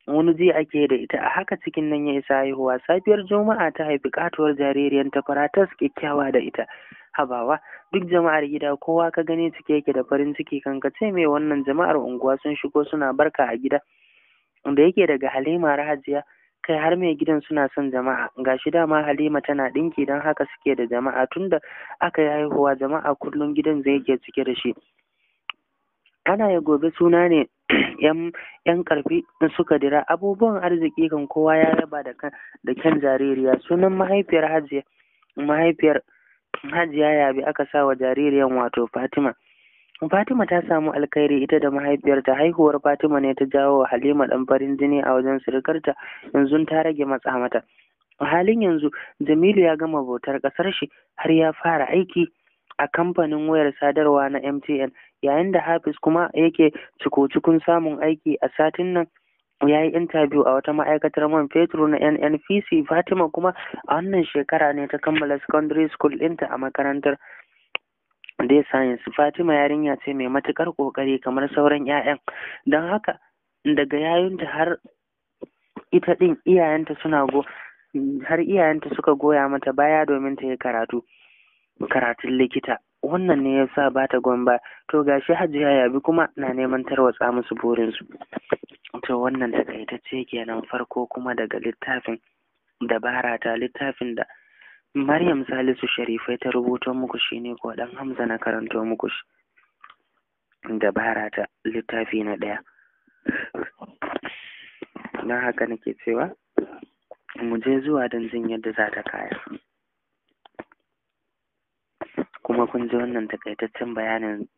wani ji ake da ita a haka cikin nan ya isa haihuwa safiyar juma'a ta haifi katuwar jaririyar ta fara ta kyakkyawa da ita habawa duk jama'ar gida kowa ka gani cike yake da farin ciki kan ce mai wannan jama'ar unguwa sun shigo suna barka a gida da yake daga halima rahajiya kai har mai gidan suna son jama'a Ga gashi dama halima tana dinki, don haka suke da jama'a tunda aka yi haihuwa jama'a kullum gidan zai yake cike da shi ana ya gobe suna ne yan karfi suka dira abubuwan arziki kan kowa ya raba da da kyan jaririya sunan mahaifiyar hajiya mahaifiyar hajiya yabi aka sa wa jaririyan wato fatima fatima ta samu alkhairi ita da mahaifiyarta haihuwar fatima ne ta jawo wa halima dan farin jini a wajen surukarta yanzu ta rage matsa mata a halin yanzu jamilu ya gama bautar kasar shi har ya fara aiki a kamfanin wayar sadarwa na mtn yayin da hafiz kuma yake cikocikun samun aiki a satin nan ya yi intabiyu a wata ma'aikatar man fetur na nnpc fatima kuma a wannan shekara ne ta kammala secondary school ɗinta a makarantar Day science fatima yarinya ce mai matukar ƙoƙari kamar sauran 'ya'yan don haka daga yayunta har ita ɗin iyayenta suna go har iyayenta suka goya mata baya domin ta yi karatu karatun likita wannan ne ya sa ba ta gwamba to ga gashi hajiya yabi kuma na neman tarwatsa musu burinsu to wannan takaitacce kenan farko kuma daga littafin dabara ta littafin da maryam salisu sharifai ta rubuto muku shi ne ko dan hamza na karanto muku shi dabara ta littafi na ɗaya don haka nake cewa mu je zuwa don jin yadda za ta kaya kuma kun ji wannan takaitaccen bayanin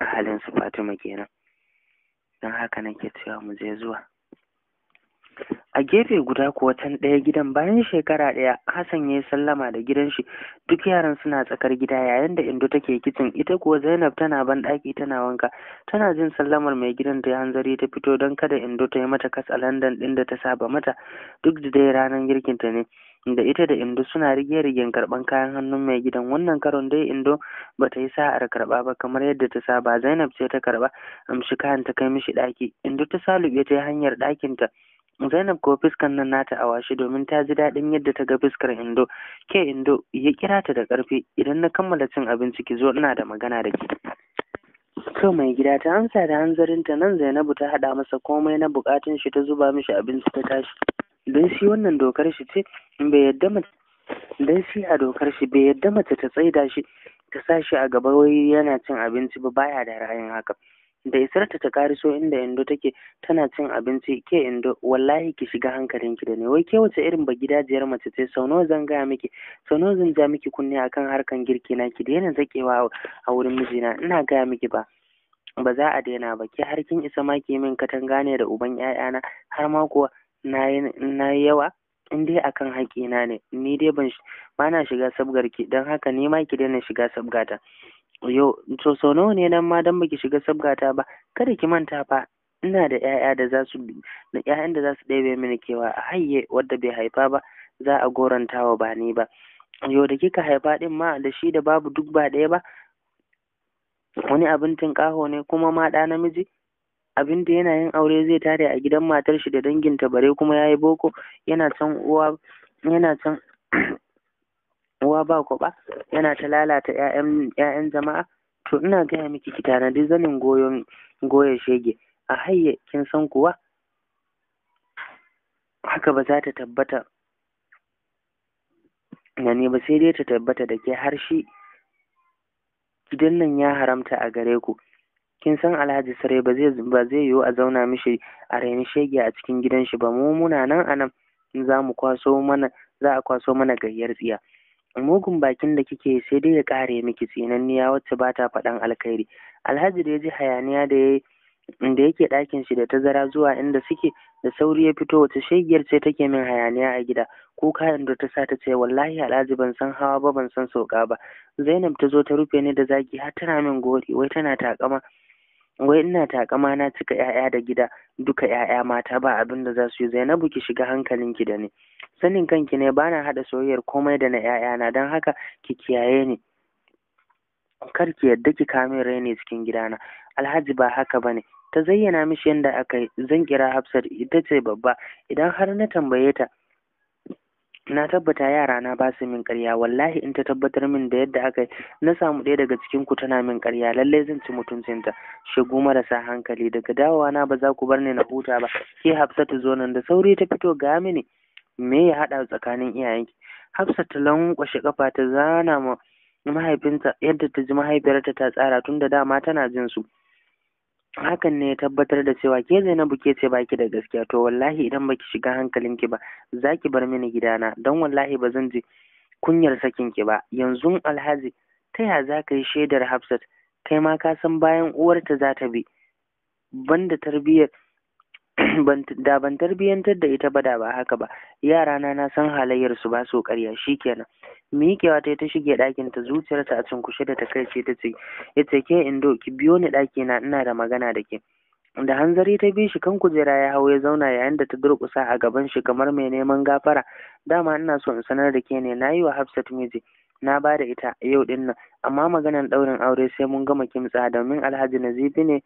halin su Fatima kenan don haka nake cewa mu je zuwa a gefe guda kuwa can ɗaya gidan bayan shekara ɗaya hassan ya yi sallama da gidan shi duk yaran suna tsakar gida yayin da indo take kicin ita kuwa zainab tana ban ɗaki tana wanka tana jin sallamar mai gidan ta hanzari ta fito don kada indo ta yi mata kas a ɗin da ta saba mata duk da dai ranar ta ne da ita da indo suna rige-rigen karban kayan hannun mai gidan wannan karon dai indo ba ta yi sa'ar karba ba kamar yadda ta saba zainab ce ta karba amshi kayan ta kai mishi ɗaki indo ta salube ta hanyar ɗakinta ta Zainab ko fuskar nan nata a washe domin ta ji daɗin yadda ta ga fuskar Indo. Ke Indo ya kira ta da ƙarfi idan na kammala cin abinci ki zo ina da magana da ke. To mai gida ta amsa da hanzarinta nan Zainabu ta haɗa masa komai na buƙatun shi ta zuba mishi abinci ta tashi. Don shi wannan dokar shi ce bai yadda mace don shi a dokar shi bai yadda mace ta tsaida shi ta sa shi a gaba wai yana cin abinci ba baya da ra'ayin haka. da isarta ta ƙariso inda indo take tana cin abinci ke indo wallahi ki shiga hankalin ki da ne wai ke wace irin ba gidajiyar mace ce sau nawa zan gaya miki sau zan ja miki kunne akan harkan girki na ki daina zakewa a wurin mijina ina gaya miki ba ba za a daina ba Ki har kin isa ma ki min katanga ne da uban ƴaƴana har ma kuwa na yi yawa in dai akan haƙina ne ni dai ban ba na shiga sabgar ki don haka ni ma ki daina shiga sabgata Yau! to sau nawa ne nan ma dan baki shiga sabgata ba kada ki manta fa ina da 'ya'ya da za su da 'ya'yan da za su ɗebe mini kewa a hayye wadda bai haifa ba za a goranta wa ba ni ba Yau da kika haifa din ma da shi da babu duk ba ɗaya ba wani abin ƙaho ne kuma ma ɗa namiji abin da yana yin aure zai tare a gidan matar shi da danginta bare kuma ya yi boko yana can uwa yana can uwa ba kwaba yana ta lalata 'ya'yan jama'a to ina gaya miki ki tanadi zanin goyon shege a hayye kin san kuwa haka ba za ta tabbata na ne ba sai dai ta tabbata da ke har shi gidan nan ya haramta a gare ku kin san alhaji sarai ba zai yiwu a zauna mishi a raini shege a cikin gidan shi ba mu muna nan anan za mu za a kwaso mana gayyar tsiya mugun bakin da kike sai dai ya kare miki tsinanniya wacce ba ta faɗan alkhairi alhaji da ya ji hayaniya da ya da yake ɗakin shi da tazara zuwa inda suke da sauri ya fito wata shegiyar ce take min hayaniya a gida kuka inda ta sa ta ce wallahi alhaji ban san hawa ba ban san sauka ba zainab ta zo ta rufe ni da zaki har tana min gori wai tana takama wai ina takama na cika ƴaƴa da gida duka ƴaƴa mata ba abin da za su yi Zainabu ki shiga hankalinki da ni sanin kanki ne bana haɗa soyayyar komai da na ƴaƴa na, don haka ki kiyaye ni kar ki yarda ki kame raini cikin gidana alhaji ba haka ba ne. ta zayyana mishi yadda aka yi zan kira hafsat ita ce babba idan har na tambaye ta na tabbata yara na ba su min ƙarya wallahi in ta tabbatar min da yadda aka na samu ɗaya daga cikin ku tana min ƙarya lallai zan ci mutuncinta shigo marasa hankali daga dawowa na ba za ku bar ni na huta ba ke hafsatu zo nan da sauri ta fito ga mini me ya haɗa tsakanin iyayenki hafsat ta lankwashe kafa ta zana ma mahaifinta yadda ta ji mahaifiyarta ta tsara tun da dama tana jin su hakan ne ya tabbatar da cewa ke Zainabu ke ce baki da gaskiya to wallahi idan baki shiga hankalin ki ba zaki bar mini gidana don wallahi ba zan je kunyar sakin ki ba yanzu Alhaji ta ya za ka yi shaidar Hafsat kai ma ka san bayan uwarta za ta bi banda tarbiyyar da ban tarbiyyantar da ita ba da ba haka ba yara na na san halayyar su ba su ƙarya shikenan miƙewa ta ta shige ɗakin ta zuciyar ta a kushe da takaice ta ce ita ke indo ki biyo ni ɗaki na ina da magana da ke da hanzari ta bi shi kan kujera ya hau ya zauna yayin da ta durƙusa a gaban shi kamar mai neman gafara dama ina so in sanar da ke ne na yi wa hafsat miji na ba da ita yau ɗin amma maganar ɗaurin aure sai mun gama kimtsa domin alhaji nazifi ne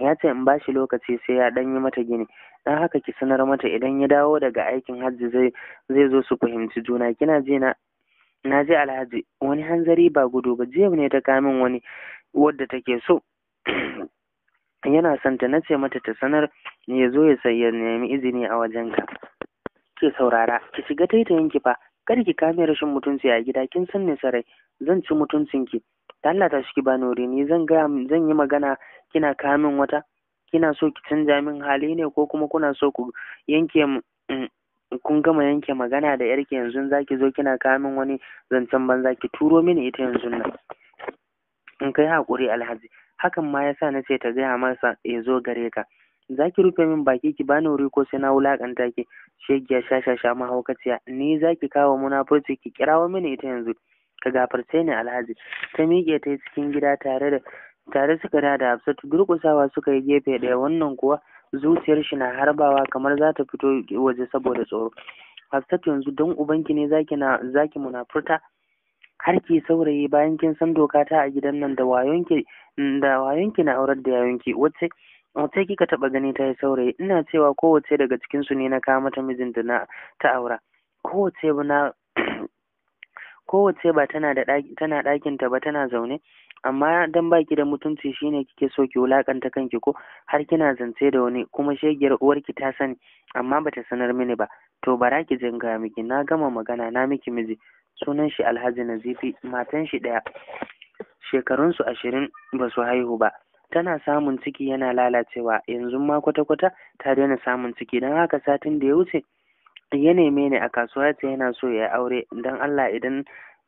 ya ce in bashi lokaci sai ya ɗan yi mata gini dan haka ki sanar mata idan ya dawo daga aikin hajji zai zo su fahimci juna kina je na na ji alhaji wani hanzari ba gudu ba jiya ne ta kamin wani wadda take so yana son ta nace mata ta sanar ya zo ya sai ya nemi izini a wajenka ke saurara ki shiga ta ki fa kar ki kame rashin mutunci a gida kin san ne sarai zan ci mutuncin ki Allah ta ki ba ni zan ga zan yi magana kina kamin wata kina so ki canja min hali ne ko kuma kuna so ku yanke mm, kun gama yanke magana da yarki yanzu zaki zo kina kamin wani zancen banza ki turo mini ita yanzu nan in kai hakuri alhaji hakan ma yasa na ce ta gaya masa ya zo gare ka za rufe min baki ki bani wuri ko sai na wulakanta ki shegiya shashasha mahaukaciya ni zaki ki kawo munafurci ki kirawo mini ita yanzu ka gafarce ni alhaji ta miƙe ta yi cikin gida tare da tare suka da da hafsatu durƙusawa suka yi gefe ɗaya wannan kuwa zuciyar shi na harbawa kamar za ta fito waje saboda tsoro hafsatu yanzu don ubanki ne zaki na zaki munafurta har ki saurayi bayan kin san doka ta a gidan nan da ki da ki na aurar da ki wacce wacce kika taba gani ta yi saurayi ina cewa kowace daga cikin su ne na kawo mata mijinta na ta aura kowace na kowacce ba tana da tana ɗakinta ba tana zaune amma dan baki da mutunci shine kike so ki wulakanta kanki ko har kina zance da wani kuma shegiyar uwarki ta sani amma bata sanar mini ba to bara ki jinga miki na gama magana na miki miji sunan shi Alhaji Nazifi matan shi daya shekarun su ashirin ba su haihu ba tana samun ciki yana lalacewa yanzu ma kwata-kwata ta daina samun ciki dan haka satin da ya wuce ya neme ni a kasuwa ya ce yana so ya yi aure don Allah idan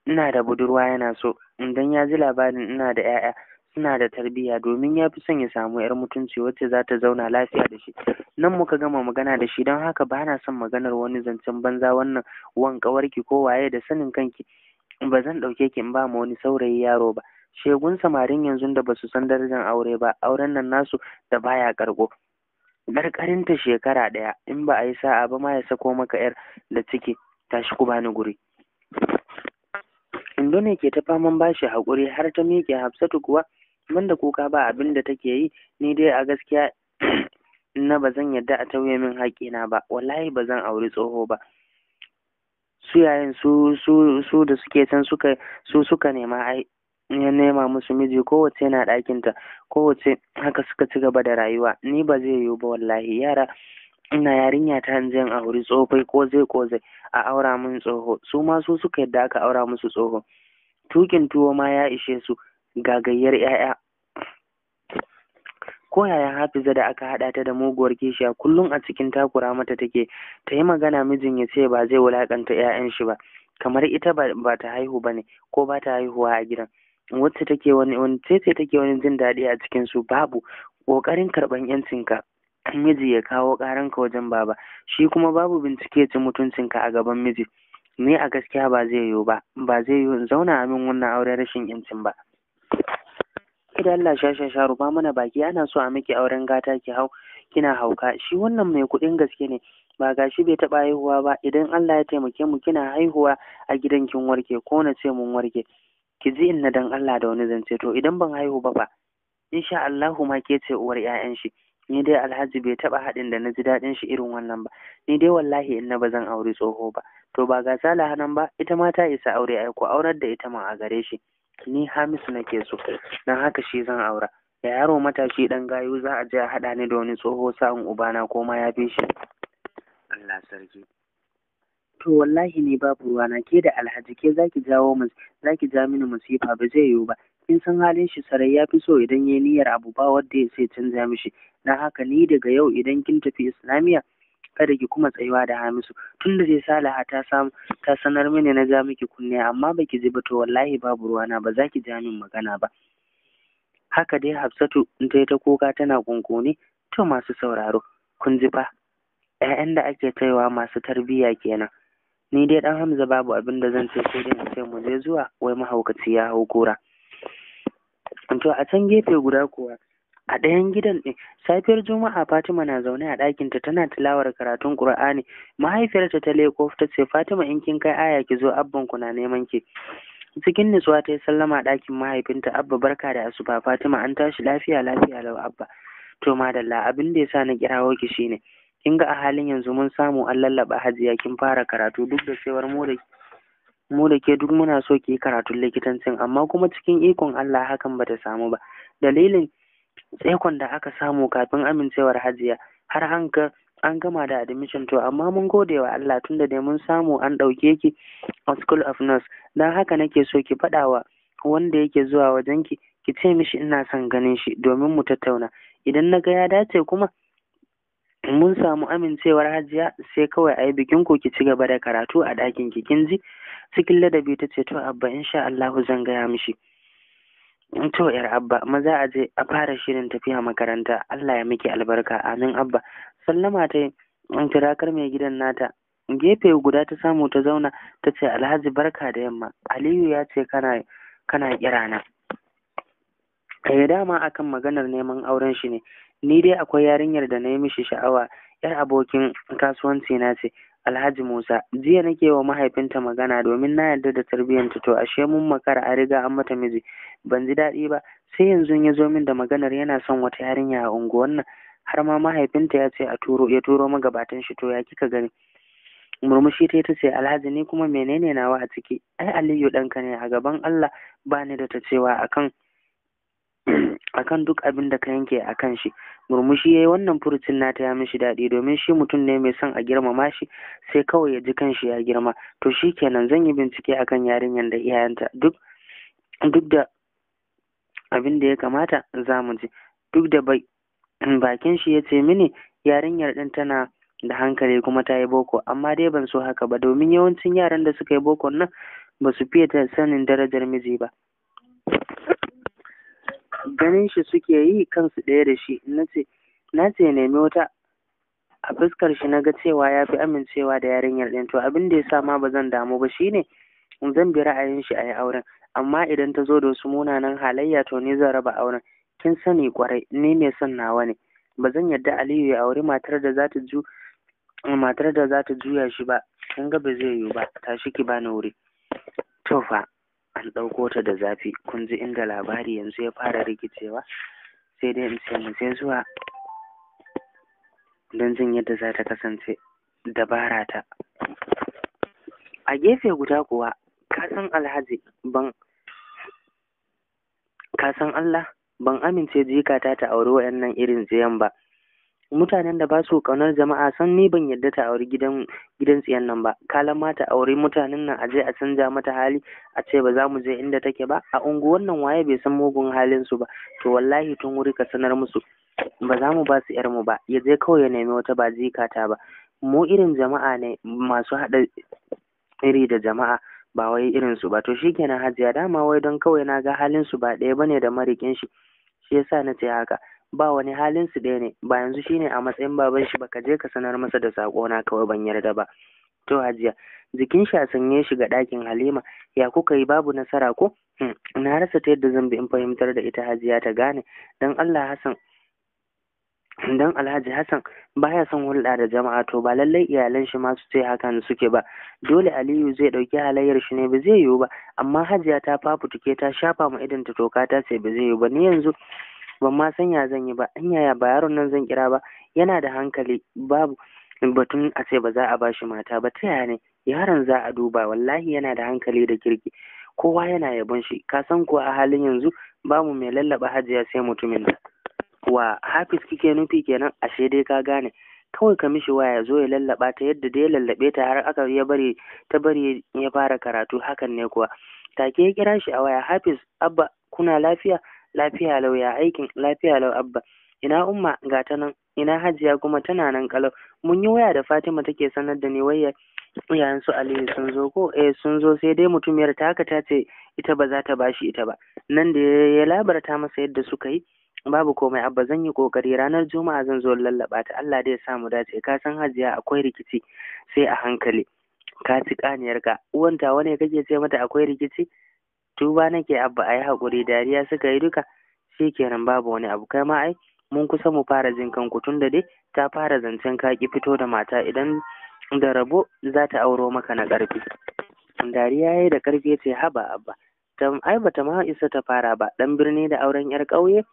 ina da budurwa yana so idan ya ji labarin ina da 'ya'ya suna da tarbiyya domin ya fi son ya samu 'yar mutunci wacce za ta zauna lafiya da shi nan muka gama magana da shi don haka ba na son maganar wani zancen banza wannan wan kawarki ko waye da sanin kanki ba zan ɗauke ki in ba ma wani saurayi yaro ba shegun samarin yanzu da ba su san darajar aure ba auren nan nasu da baya karɓo. garkarinta shekara ɗaya in ba a yi sa'a ba ma ya sako maka yar da ciki tashi ku bani guri indo ne ke ta faman bashi hakuri, har ta miƙe hafsatu kuwa man da kuka ba abin da take yi ni dai a gaskiya na ba zan yarda a tauye min haƙƙina ba wallahi ba zan auri tsoho ba su yayin su su da suke can suka su suka nema ai ya nema musu miji kowace na ɗakinta kowace haka suka ci gaba da rayuwa ni ba zai yiwu ba wallahi yara ina yarinya ta in a auri tsofai ko zai a aura min tsoho su ma su suka yadda aka aura musu tsoho tukin tuwo ma ya ishe su gagayyar 'ya'ya ko yaya hafiza da aka haɗa ta da muguwar kishiya kullum a cikin takura mata take ta yi magana mijin ya ce ba zai wulaƙanta 'ya'yan shi ba kamar ita ba ta haihu ba ne ko ba ta haihuwa a gidan wacce take wani wacce ce take wani jin daɗi a cikin su babu ƙoƙarin karɓan ƴancinka. miji ya kawo ƙaranka wajen baba shi kuma babu bincike ci mutuncinka a gaban miji ni a gaskiya ba zai yiwu ba ba zai yiwu in zauna a min wannan auren rashin ƴancin ba idan Allah sha sha sha rufa mana baki ana so a miki auren gata ki hau kina hauka shi wannan mai kuɗin gaske ne ba gashi bai taɓa haihuwa ba idan Allah ya taimake mu kina haihuwa a gidan kin warke ko na ce mun warke ki ji inna na dan Allah da wani zance to idan ban haihu ba fa insha Allahu ma ke ce uwar 'ya'yan shi ni dai alhaji bai taba haɗin da na ji daɗin shi irin wannan ba ni dai wallahi inna ba zan auri tsoho ba to ba ga sala hanan ba ita ma ta isa aure ai ko aurar da ita ma a gare shi ni hamisu nake so dan haka shi zan aura da yaro matashi dan gayu za a je a haɗa ni da wani tsoho sa'in ubana ko ma ya fi shi Allah sarki To wallahi ne babu ruwana ke da Alhaji ke zaki jawo zaki ja mini masifa ba zai yiwu ba kin san halin shi sarai ya fi so idan yayi niyyar abu ba wanda ya sai canza mishi dan haka ni daga yau idan kin tafi islamiya kada ki kuma tsayuwa da Hamisu tun da dai Salaha ta samu ta sanar mini na ja miki kunne amma baki ji ba to wallahi babu ruwana ba za ja min magana ba haka dai Hafsatu in ta ta koka tana kunkuni to masu sauraro kun ji fa Ya'yan da ake taiwa masu tarbiyya kenan ni dai dan hamza babu abin da zan ce sai dai ce mu je zuwa wai mahaukaci ya hau kura to a can gefe guda kuwa a ɗayan gidan ɗin safiyar juma'a fatima na zaune a ɗakinta tana tilawar karatun ƙur'ani mahaifiyarta ta leko ta ce fatima in kin kai aya ki zo abban ku na neman ki cikin nutsuwa ta yi sallama a ɗakin mahaifinta abba barka da asuba fatima an tashi lafiya lafiya lau abba to madalla abin da ya sa na kirawo ki shine kin ga a halin yanzu mun samu an lallaɓa hajiya kin fara karatu duk da cewar mu da mu da ke duk muna so ki yi karatun likitancin amma kuma cikin ikon Allah hakan bata samu ba dalilin tsaikon da aka samu kafin amincewar hajiya har an an gama da admission to amma mun gode wa Allah tunda da mun samu an ɗauke ki a school of nurse dan haka nake so ki faɗawa wa wanda yake zuwa wajen ki ki ce mishi ina son ganin shi domin mu tattauna idan na ga ya dace kuma mun samu amincewar hajiya sai kawai a yi bikin ku ki ci gaba da karatu a ɗakin ki kin ji cikin ladabi ta ce to abba insha Allahu zan gaya mishi to yar abba maza a je a fara shirin tafiya makaranta Allah ya miki albarka amin abba sallama ta tirakar mai gidan nata gefe guda ta samu ta zauna ta ce alhaji barka da yamma aliyu ya ce kana kana kirana eh, dama akan maganar neman auren shi ne ni dai akwai yarinyar da na yi mishi sha'awa yar abokin kasuwanci na ce Alhaji Musa jiya nake wa mahaifinta magana domin na yarda da tarbiyyanta to ashe mun makara a riga an mata miji ban ji daɗi ba sai yanzu ya zo min da maganar yana son wata yarinya a unguwan nan har ma mahaifinta ya ce a turo ya turo magabatan shi to ya kika gani murmushi ta ta ce alhaji ni kuma menene nawa a ciki ai aliyu ɗanka ne a gaban allah ba ni da ta cewa akan akan duk abin da ka yanke a kan shi murmushi ya yi wannan furucin nata ya mishi daɗi domin shi mutum ne mai son a girmama shi sai kawai ya ji kanshi ya girma to shi kenan zan yi bincike akan yarinyar da iyayenta duk duk da abin da ya kamata za mu ji duk da bakin shi ya ce mini yarinyar ɗin tana da hankali kuma ta yi boko amma dai ban so haka ba domin yawancin yaran da suka yi boko nan ba su fiye sanin darajar miji ba ganin shi suke yi kansu ɗaya da shi na ce nemi wata a fuskar shi na ga cewa ya fi amincewa da yarinyar ɗin to abin da ya sa ma ba zan damu ba shine zan bi ra'ayin shi a yi auren amma idan ta zo da wasu munanan halayya to ni zan raba auren kin sani kwarai ni mai son nawa ne ba zan yarda Aliyu ya auri matar da za ta ju matar da za ta juya shi ba kin ga ba zai yiwu ba tashi ki bani wuri to fa an ɗauko ta da zafi kun ji inda labari yanzu ya fara rikicewa sai dai in ce sai zuwa don jin yadda za ta kasance dabara ta a gefe guda kuwa kasan alhaji ban san Allah ban amince jikata ta auri wa'annan irin jiyan ba mutanen da ba su kaunar jama'a san ni ban yarda ta auri gidan gidan tsiyan nan ba kalan ma ta auri mutanen nan a je a canja mata hali a ce ba za mu je inda take ba a unguwar nan waye bai san mugun halin su ba to wallahi tun wuri ka sanar musu ba za mu ba su yar mu ba ya je kawai ya nemi wata ba jikata ba mu irin jama'a ne masu hada iri da jama'a ba wai irin su ba to shikenan hajiya dama wai don kawai na ga halin su ba ɗaya bane da marikin shi shi yasa na ce haka ba wani halin su ɗaya ne ba yanzu shine a matsayin baban shi baka je ka sanar masa da sako na kawai ban yarda ba to hajiya jikin shi a sanye shi ga ɗakin halima ya kuka yi babu nasara ko hmm, na rasa ta yadda zan bi in fahimtar da ita hajiya ta gane dan Allah Hassan dan Alhaji Hassan baya son hulɗa da jama'a to ba lallai iyalan shi ma su ce hakan suke ba dole Aliyu zai ɗauki halayyar shi ne ba zai yiwu ba amma Hajiya ta fafutuke ta shafa mu idan ta toka ta ce ba zai yiwu ba ni yanzu ban ma san ya zan yi ba an yaya ba yaron nan zan kira ba yana da hankali babu batun a ce ba za a bashi mata ba ta yaya ne yaron za a duba wallahi yana da hankali da kirki kowa yana yabon shi ka san kuwa a halin yanzu babu mai lallaba hajiya sai mutumin da wa hafiz kike nufi kenan ashe dai ka gane kawai ka mishi waya zo ya lallaba ta yadda dai lallabe ta har aka ya bari ta bari ya fara karatu hakan ne kuwa take ya kira shi a waya hafiz abba kuna lafiya lafiya lau ya aikin lafiya lau abba ina umma ga ta nan ina hajiya kuma tana nan kalau mun yi waya da fatima take sanar da ni wai yayan su aliyu sun zo ko eh sun zo sai dai mutumiyar ta haka ta ce ita ba za ta bashi ita ba nan da ya labarta masa yadda suka yi babu komai abba zan yi kokari ranar juma'a zan zo lallaba ta Allah dai ya sa mu dace ka san hajiya akwai rikici sai a hankali ka ci kaniyar ka uwan kake ce mata akwai rikici tuba nake abba ayi haƙuri dariya suka yi duka Shi kenan babu wani abu kai ma ai mun kusa mu fara jin kanku tunda dai ta fara zancen ka fito da mata idan da rabo za ta auro maka na ƙarfi dariya yayi da ƙarfi ce haba abba tam ai bata ma isa ta fara ba dan birni da auren yar ƙauye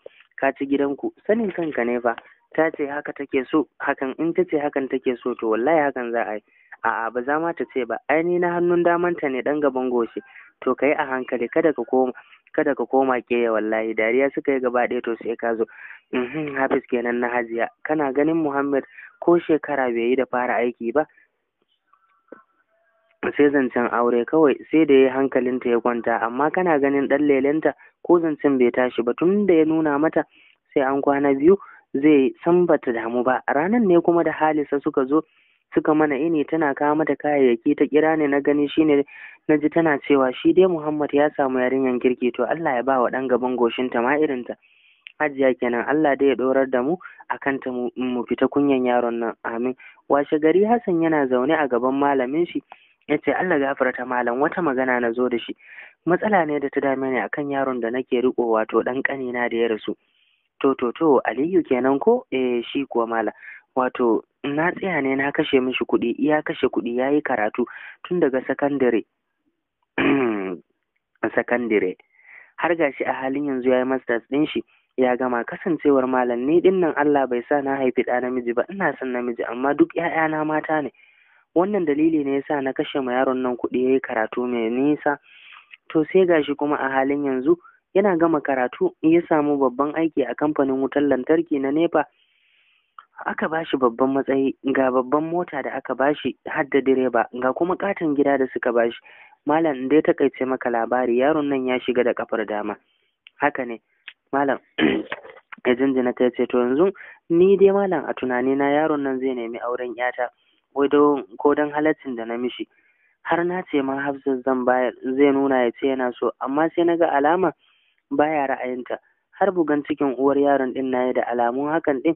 ka ci gidanku sanin kanka ne fa ta ce haka take so hakan in ta ce hakan take so to wallahi hakan za a yi a'a ba za ma ta ce ba ai ni na hannun damanta ne dan gaban goshi to ka a hankali kada ka koma kada ka koma ke wallahi dariya suka yi gaba ɗaya to sai ka zo uhm, hafiz kenan na hajiya kana ganin muhammad ko shekara bai yi da fara aiki ba sai zancen aure kawai sai da ya hankalinta ya kwanta amma kana ganin ɗan lelenta ko zancen bai tashi ba tun da ya nuna mata sai an kwana biyu zai san bata damu ba ranan ne kuma da halisa suka zo suka mana ini tana kawo mata kayayyaki ta kira ne na gani shine na ji tana cewa shi dai Muhammad ya samu yarinyar kirki to Allah ya ba wa ɗan gaban goshinta ma irinta. Hajiya kenan Allah dai ya ɗorar da mu a kanta mu fita kunyan yaron nan amin. Washe gari Hassan yana zaune a gaban malamin shi yace ce Allah gafarta malam wata magana na zo da shi. Matsala ne da ta dame ni akan yaron da nake riko wato ɗan ƙanina da ya rasu. To to to Aliyu kenan ko eh shi kuwa malam. wato na tsaya ne na kashe mishi kuɗi iya kashe kuɗi ya yi karatu tun daga sakandare sakandare har gashi a halin yanzu ya yi masters ɗin shi ya gama kasancewar malam ni ɗinnan nan Allah bai sa na haifi ɗa namiji ba ina son namiji amma duk ƴaƴana mata ne wannan dalili ne yasa na kashe ma yaron nan kuɗi ya yi karatu mai nisa to sai gashi kuma a halin yanzu yana gama karatu ya samu babban aiki a kamfanin wutar lantarki na NEPA aka bashi babban matsayi ga babban mota da aka bashi har da direba ga kuma katon gida da suka bashi malam in ya takaice maka labari yaron nan ya shiga da kafar dama haka ne malam ya jinjina ta ce to yanzu ni dai malam a tunani na yaron nan zai nemi auren yata wai don ko don halaccin da na mishi har na ce ma hafsa zan zai nuna ya ce yana so amma sai na ga alama baya ra'ayinta har bugan cikin uwar yaron din na da alamun hakan din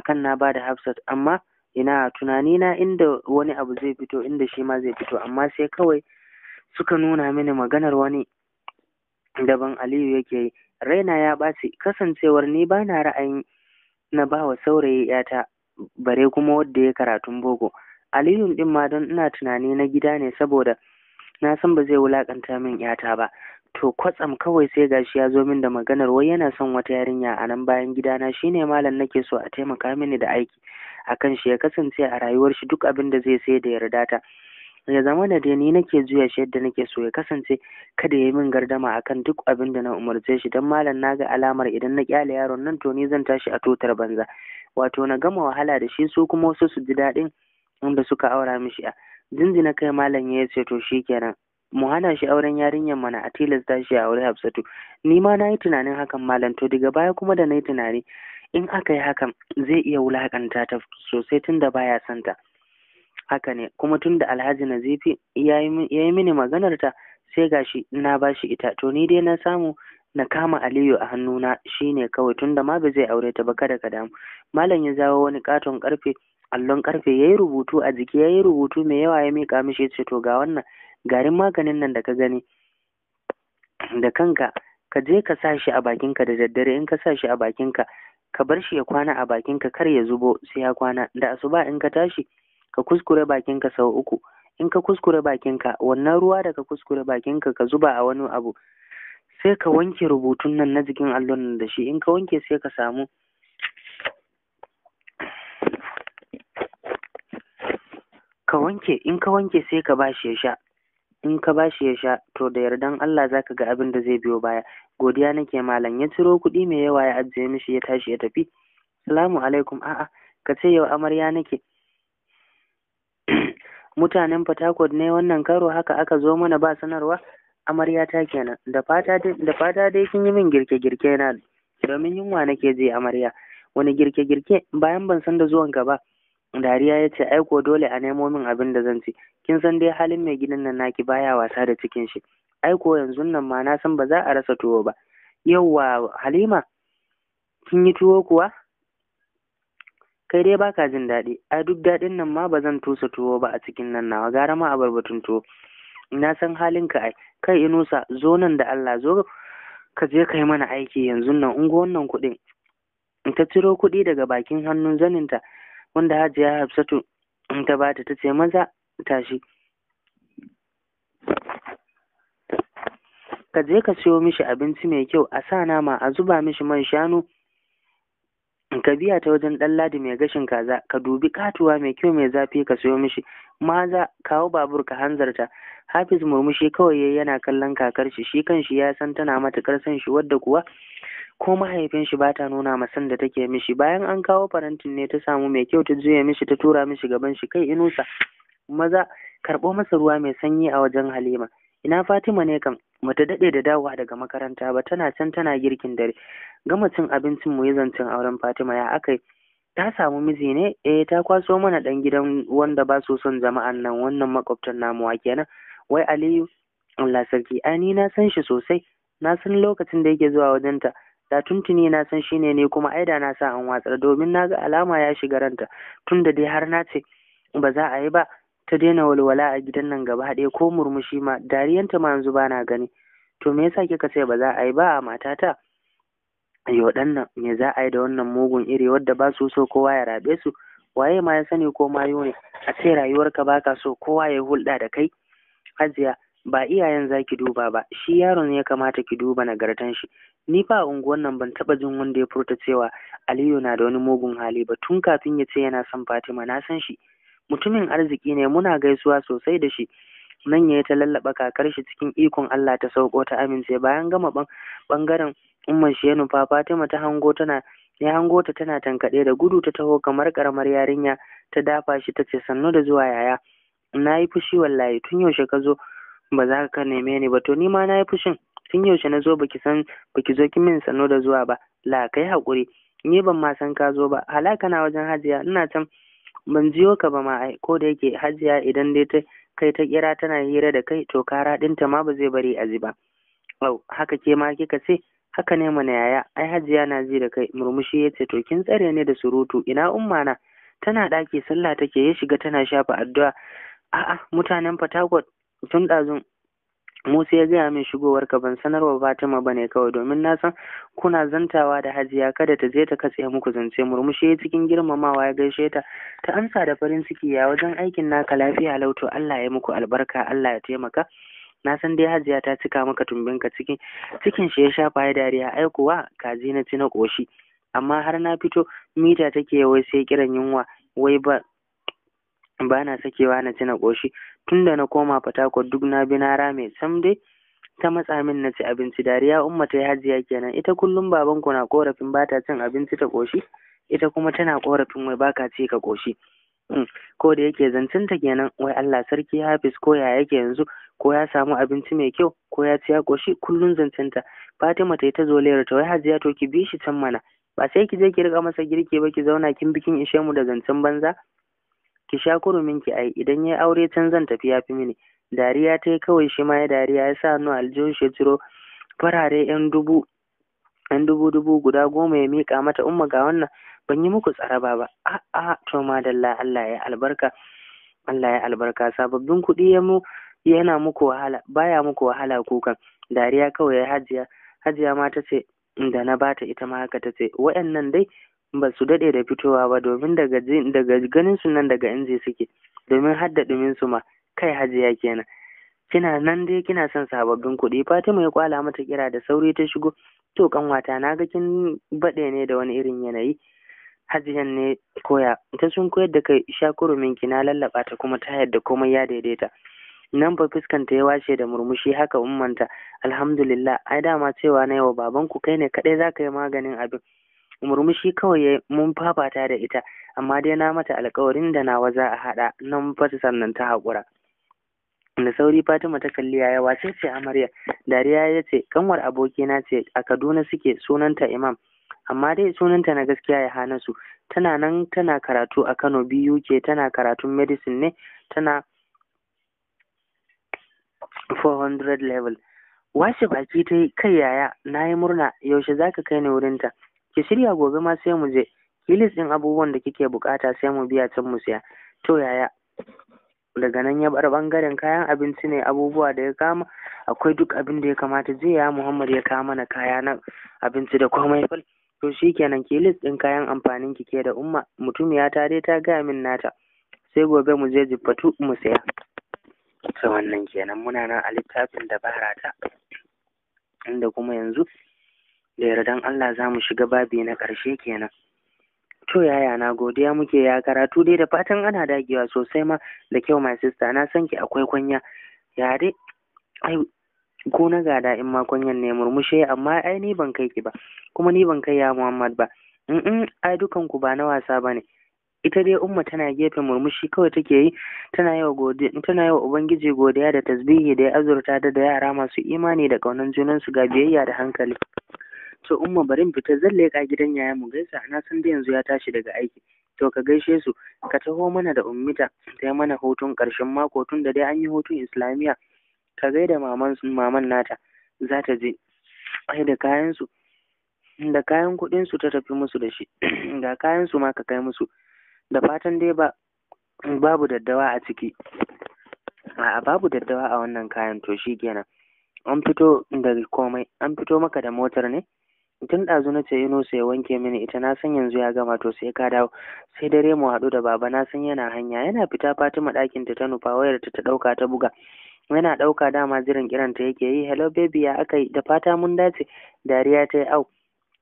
akan na bada Hafsat amma ina tunani na inda wani abu zai fito inda shi ma zai fito amma sai kawai suka nuna mini maganar wani daban Aliyu yake yi raina ya ɓaci kasancewar ni ba na ra'ayin na ba wa saurayi yata bare kuma wadda ya karatun boko Aliyu din ma don ina tunani na gida ne saboda na san ba zai wulakanta min yata ba to kwatsam kawai sai gashi ya zo min da maganar wai yana son wata yarinya a nan bayan gidana shine malam nake so a taimaka mini da aiki akan shi ya kasance a rayuwar shi duk abin da zai sai da yarda ta ya zama da ni nake juya shi yadda nake so ya kasance kada ya yi min gardama akan duk abin da na umarce shi dan malam na ga alamar idan na kyale yaron nan to ni zan tashi a tutar banza wato na gama wahala da shi su kuma wasu su ji daɗin wanda suka aura mishi a jinjina kai malam ya ce to shikenan mu hana shi auren yarinyar mana a tilasta shi a aure Hafsatu ni ma na yi tunanin hakan malam to daga baya kuma da na yi tunani in aka yi hakan zai iya wulakanta ta sosai tunda baya son ta haka ne kuma tunda Alhaji Nazifi ya yi mini maganar ta sai gashi na bashi ita to ni dai na samu na kama Aliyu a hannuna ne kawai tunda ma ba zai aure ta ba kada ka damu malam ya zawo wani katon karfe allon karfe yi rubutu a jiki ya yi rubutu mai yawa ya mika mishi ce to ga wannan garin maganin nan da ka gani da kanka ka je ka sa shi a bakinka da daddare in ka sa shi a bakinka ka bar shi ya kwana a bakinka kar ya zubo sai ya kwana da asuba in ka tashi ka kuskure bakinka sau uku in ka kuskure bakinka wannan ruwa da ka kuskure bakinka ka zuba a wani abu sai ka wanke rubutun nan na jikin allon nan da shi in ka wanke sai ka samu ka wanke in ka wanke sai ka ba shi ya sha in ka bashi ya sha to da yardan Allah zaka ga abin da zai biyo baya godiya nake malam ya ciro kuɗi mai yawa ya ajiye mishi ya tashi ya tafi salamu alaikum a'a ka ce yau amarya nake mutanen fatakod ne wannan karo haka aka zo mana ba sanarwa amarya ta kenan da fata da fata dai kin yi min girke girke na domin yunwa nake je amarya wani girke girke bayan ban san da zuwan ka ba dariya ya ce ai dole a nemo min abin da zan ci kin san dai halin mai gidan nan naki baya wasa da cikin shi ai ko yanzu nan ma na san ba za a rasa tuwo ba yauwa halima kin yi tuwo kuwa kai dai baka jin daɗi A duk daɗin nan ma ba zan tusa tuwo ba a cikin nan nawa gara ma a barbatun tuwo na san halin ka ai kai inusa zo nan da allah zo ka je ka yi mana aiki yanzu nan ungo wannan kuɗin ta ciro kuɗi daga bakin hannun zaninta wanda hajiya hafsatu ta bata ta ce maza tashi ka je ka siyo mishi abinci mai kyau a sa nama a zuba mishi man shanu ka biya ta wajen ɗan ladi mai gashin kaza ka dubi katuwa mai kyau mai zafi ka siyo mishi maza kawo babur ka hanzarta hafiz murmushi kawai yana kallon kakar shi shi kanshi ya san tana matuƙar son shi wadda kuwa ko mahaifin shi bata nuna ma san da take mishi bayan an kawo farantin ne ta samu mai kyau ta juya mishi ta tura mishi gaban shi kai inusa maza karɓo masa ruwa mai sanyi a wajen halima ina fatima ne kan mata daɗe da dawowa daga makaranta ba tana can tana girkin dare gama cin abincin mu yi zancen auren fatima ya akai ta samu miji ne eh ta kwaso mana ɗan gidan wanda ba su son jama'an nan wannan makwabtan namuwa kenan wai aliyu Allah sarki ai ni na san shi sosai na san lokacin da yake zuwa wajenta da tuntuni na san shine ne kuma ai da na sa an watsa. domin na ga alama ya shiga ranta tun da dai har na ce ba za a yi ba ta daina walwala a gidan nan gaba ɗaya ko murmushi ma dariyanta ma yanzu bana gani to me yasa kika ce ba za a yi ba a matata yau dan nan me za a yi da wannan mugun iri wadda ba su so kowa ya rabe su waye ma ya sani ko mayo ne a ce rayuwarka baka so kowa ya hulɗa da kai hajiya ba iyayen za ki duba ba shi yaron ya kamata ki duba nagartan shi ni fa a unguwan nan ban taɓa jin wanda ya furta cewa aliyu na da wani mugun hali ba tun kafin ya ce yana son fatima na san shi mutumin arziki ne muna gaisuwa sosai da shi nan ya yi ta lallaɓa kakar shi cikin ikon allah ta sauko ta amince bayan gama ɓangaren umman shi ya nufa fatima ta hango tana ya hango ta tana tankaɗe da gudu ta taho kamar karamar yarinya ta dafa shi ta ce sannu da zuwa yaya na yi fushi wallahi tun yaushe ka zo ba za ka neme ni ba to ni ma na yi fushin tun yaushe na zo baki san baki zo ki min sano da zuwa ba la kai hakuri ni ban ma san ka zo ba halaka na wajen hajiya ina can ban jiyo ka ba ma ai ko da yake hajiya idan dai ta kai ta kira tana hira da kai to kara dinta ma ba zai bari a ji ba au haka ke ma kika ce haka ne mana yaya ai hajiya na ji da kai murmushi ya ce to kin tsare ne da surutu ina umma na tana daki. sallah take ya shiga tana shafa addu'a a'a mutanen Fatakwat tun ɗazun Musa ya gaya min shigowar ka ban sanarwa Fatima bane kawai domin na san kuna zantawa da Hajiya kada ta je ta katse muku zance murmushi ya cikin girmamawa ya gaishe ta ta amsa da farin ciki ya wajen aikin naka lafiya lauto Allah ya muku albarka Allah ya taimaka na san dai Hajiya ta cika maka ka cikin cikin shi ya shafa ya dariya ai kuwa kaji na ci na koshi amma har na fito mita take wai sai kiran yunwa wai ba ba na sakewa na ci na ƙoshi tunda na koma fatakwal duk na bi na rame sam dai ta matsa min na ci abinci dariya umma ta yi hajiya kenan ita kullum babanku na korafin ba ta cin abinci ta ƙoshi ita kuma tana korafin wai ka ci ka ƙoshi mm. ko da yake ta kenan wai Allah sarki Hafiz ko ya yake yanzu ko ya samu abinci mai kyau ko ya ci ya ƙoshi kullum zancenta, Fatima ta yi ta zolayar ta wai hajiya to ki bi shi can mana ba sai ki je ki riƙa masa girki ba ki zauna kin bikin ishe mu da zancen banza ki sha kurumin ki ai idan yayi aure can zan tafi yafi mini dariya ta yi kawai shi ma ya dariya ya sa hannu aljihun shi ciro farare yan dubu yan dubu dubu guda goma ya mika mata umma ga wannan ban yi muku tsaraba ba a'a to dalla Allah ya albarka Allah ya albarka sababbin kuɗi ya mu yana muku wahala baya muku wahala kukan dariya kawai ya hajiya hajiya ma ta ce da na bata ita ma haka ta ce waɗannan dai ba su daɗe da fitowa ba domin daga ganinsu ganin su nan daga inji suke domin hadda da ɗumin su ma kai hajiya kenan kina nan dai kina son sababbin kuɗi Fatima ya kwala mata kira da sauri ta shigo to kanwata na ga kin baɗe ne da wani irin yanayi hajiyan ne koya ta sun koyar da kai sha kurumin ki na lallaba ta kuma ta yadda komai ya daidaita nan fa fuskanta ya washe da murmushi haka ummanta alhamdulillah ai dama cewa na yawa babanku kai ne kaɗai za ka yi maganin abin murmushi kawai ya mun fafata da ita amma dai na mata alkawarin da nawa za a haɗa nan fata sannan ta haƙura da sauri fatima ta kalli yaya wace ce amarya dariya ya ce kanwar abokina ce a kaduna suke sunanta imam amma dai sunanta na gaskiya ya hana su tana nan tana karatu a kano biyu ke tana karatun medicine ne tana 400 level washe baki ta yi kai yaya na yi murna yaushe za ka kai ni wurinta ki shirya gobe ma sai mu je Kilis din ɗin abubuwan da kike bukata sai mu biya can mu siya to yaya daga nan ya bar bangaren kayan abinci ne abubuwa da ya kama akwai duk abin da ya kamata zai ya Muhammad ya kawo mana kaya na abinci da komai fal to shikenan ki list ɗin kayan amfanin ki ke da umma mutumiya ta dai ta gaya min nata sai gobe mu je jiffatu mu saya ta wannan kenan muna nan a littafin dabara ta inda kuma yanzu da yardan Allah za mu shiga babi na ƙarshe kenan. To yaya na godiya muke ya karatu dai da fatan ana dagewa sosai ma da kyau my sista na san ki akwai kunya. ya dai ai ko na gada in ma kunyan ne murmushe amma ai ni ban kai ki ba kuma ni ban kai ya Muhammad ba in ai dukan ku ba na wasa bane ita dai umma tana gefe murmushi kawai take yi tana yawa godiya tana yawa ubangiji godiya da tasbihi da ya azurta da yara masu imani da kaunan junansu ga biyayya da hankali To umma bari mu fita zan leƙa gidan 'ya'yan mu gaisa na san da yanzu ya tashi daga aiki. To ka gaishe su ka taho mana da ummita ta mana hutun ƙarshen mako tun da dai an yi hutun islamiyya ka gaida maman maman nata za ta je ai da kayan su da kayan kuɗin su ta tafi musu da shi ga kayan su ma ka kai musu da fatan dai ba babu daddawa a ciki a'a babu daddawa a wannan kayan to shi kenan an fito da komai an fito maka da motar ne tun ɗazu na ce nosa ya wanke mini ita na san yanzu ya gama to sai ka dawo sai dare mu haɗu da baba na san yana hanya yana fita Fatima ɗakin ta ta nufa wayar ta ta ɗauka ta buga yana ɗauka dama jiran ta yake yi hello baby ya aka yi da fata mun dace dariya ta yi au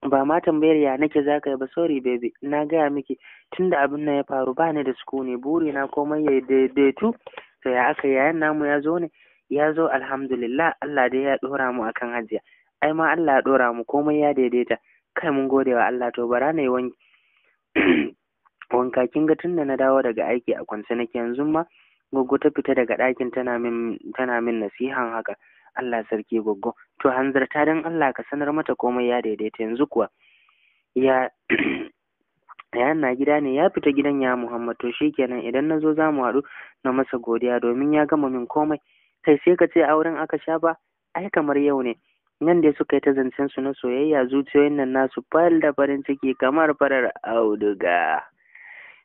ba ma tambayar ya nake za ka yi ba sorry baby na gaya miki da abin nan ya faru ba ni da sukuni buri na komai ya daidaitu to ya aka yi yayan namu ya zo ne ya zo alhamdulillah Allah dai ya ɗora mu akan hajiya ai ma Allah ya ɗora mu komai ya daidaita kai mun gode wa Allah to bara na yi wanki wanka kin ga da na dawo daga aiki a kwance nake yanzu ma goggo ta fita daga ɗakin tana min tana min nasihan haka Allah sarki goggo to hanzarta dan Allah ka sanar mata komai ya daidaita yanzu kuwa ya ya na gida ne ya fita gidan ya Muhammad to shikenan idan na zo za mu haɗu na masa godiya domin ya gama min komai kai sai ka ce auren aka sha ba ai kamar yau ne nan da suka yi ta zancen su na soyayya zuciyoyin nan nasu fal da farin ciki kamar farar auduga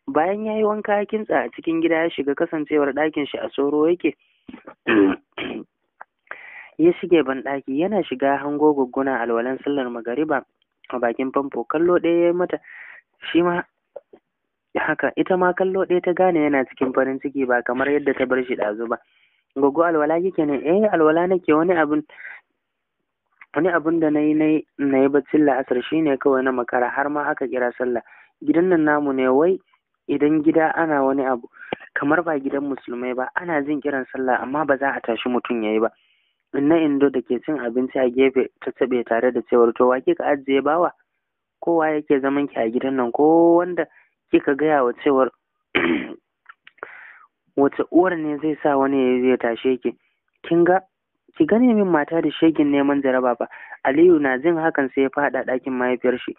bayan ya yi wanka ya kintsa a cikin gida ya shiga kasancewar ɗakin shi a soro yake ya shige ban ɗaki yana shiga hango gugguna alwalan sallar magariba a bakin famfo kallo ɗaya ya mata shi ma haka ita ma kallo ɗaya ta gane yana cikin farin ciki ba kamar yadda ta bar shi ɗazu ba gugu alwala kike ne eh alwala nake wani abin wani abin da na yi na baccin la'asar shine kawai na makara har ma aka kira sallah gidan nan namu ne wai idan gida ana wani abu kamar ba gidan musulmai ba ana jin kiran sallah amma ba za a tashi mutum ya yi ba na indo da ke cin abinci a gefe ta taɓe tare da cewar to wake ka ajiye bawa kowa yake zaman ki a gidan nan ko wanda kika gaya wa cewar wace uwar ne zai sa wani ya zai tashe ki kin ga ki gane min mata da shegin neman jaraba ba aliyu na jin hakan sai ya faɗa ɗakin mahaifiyar shi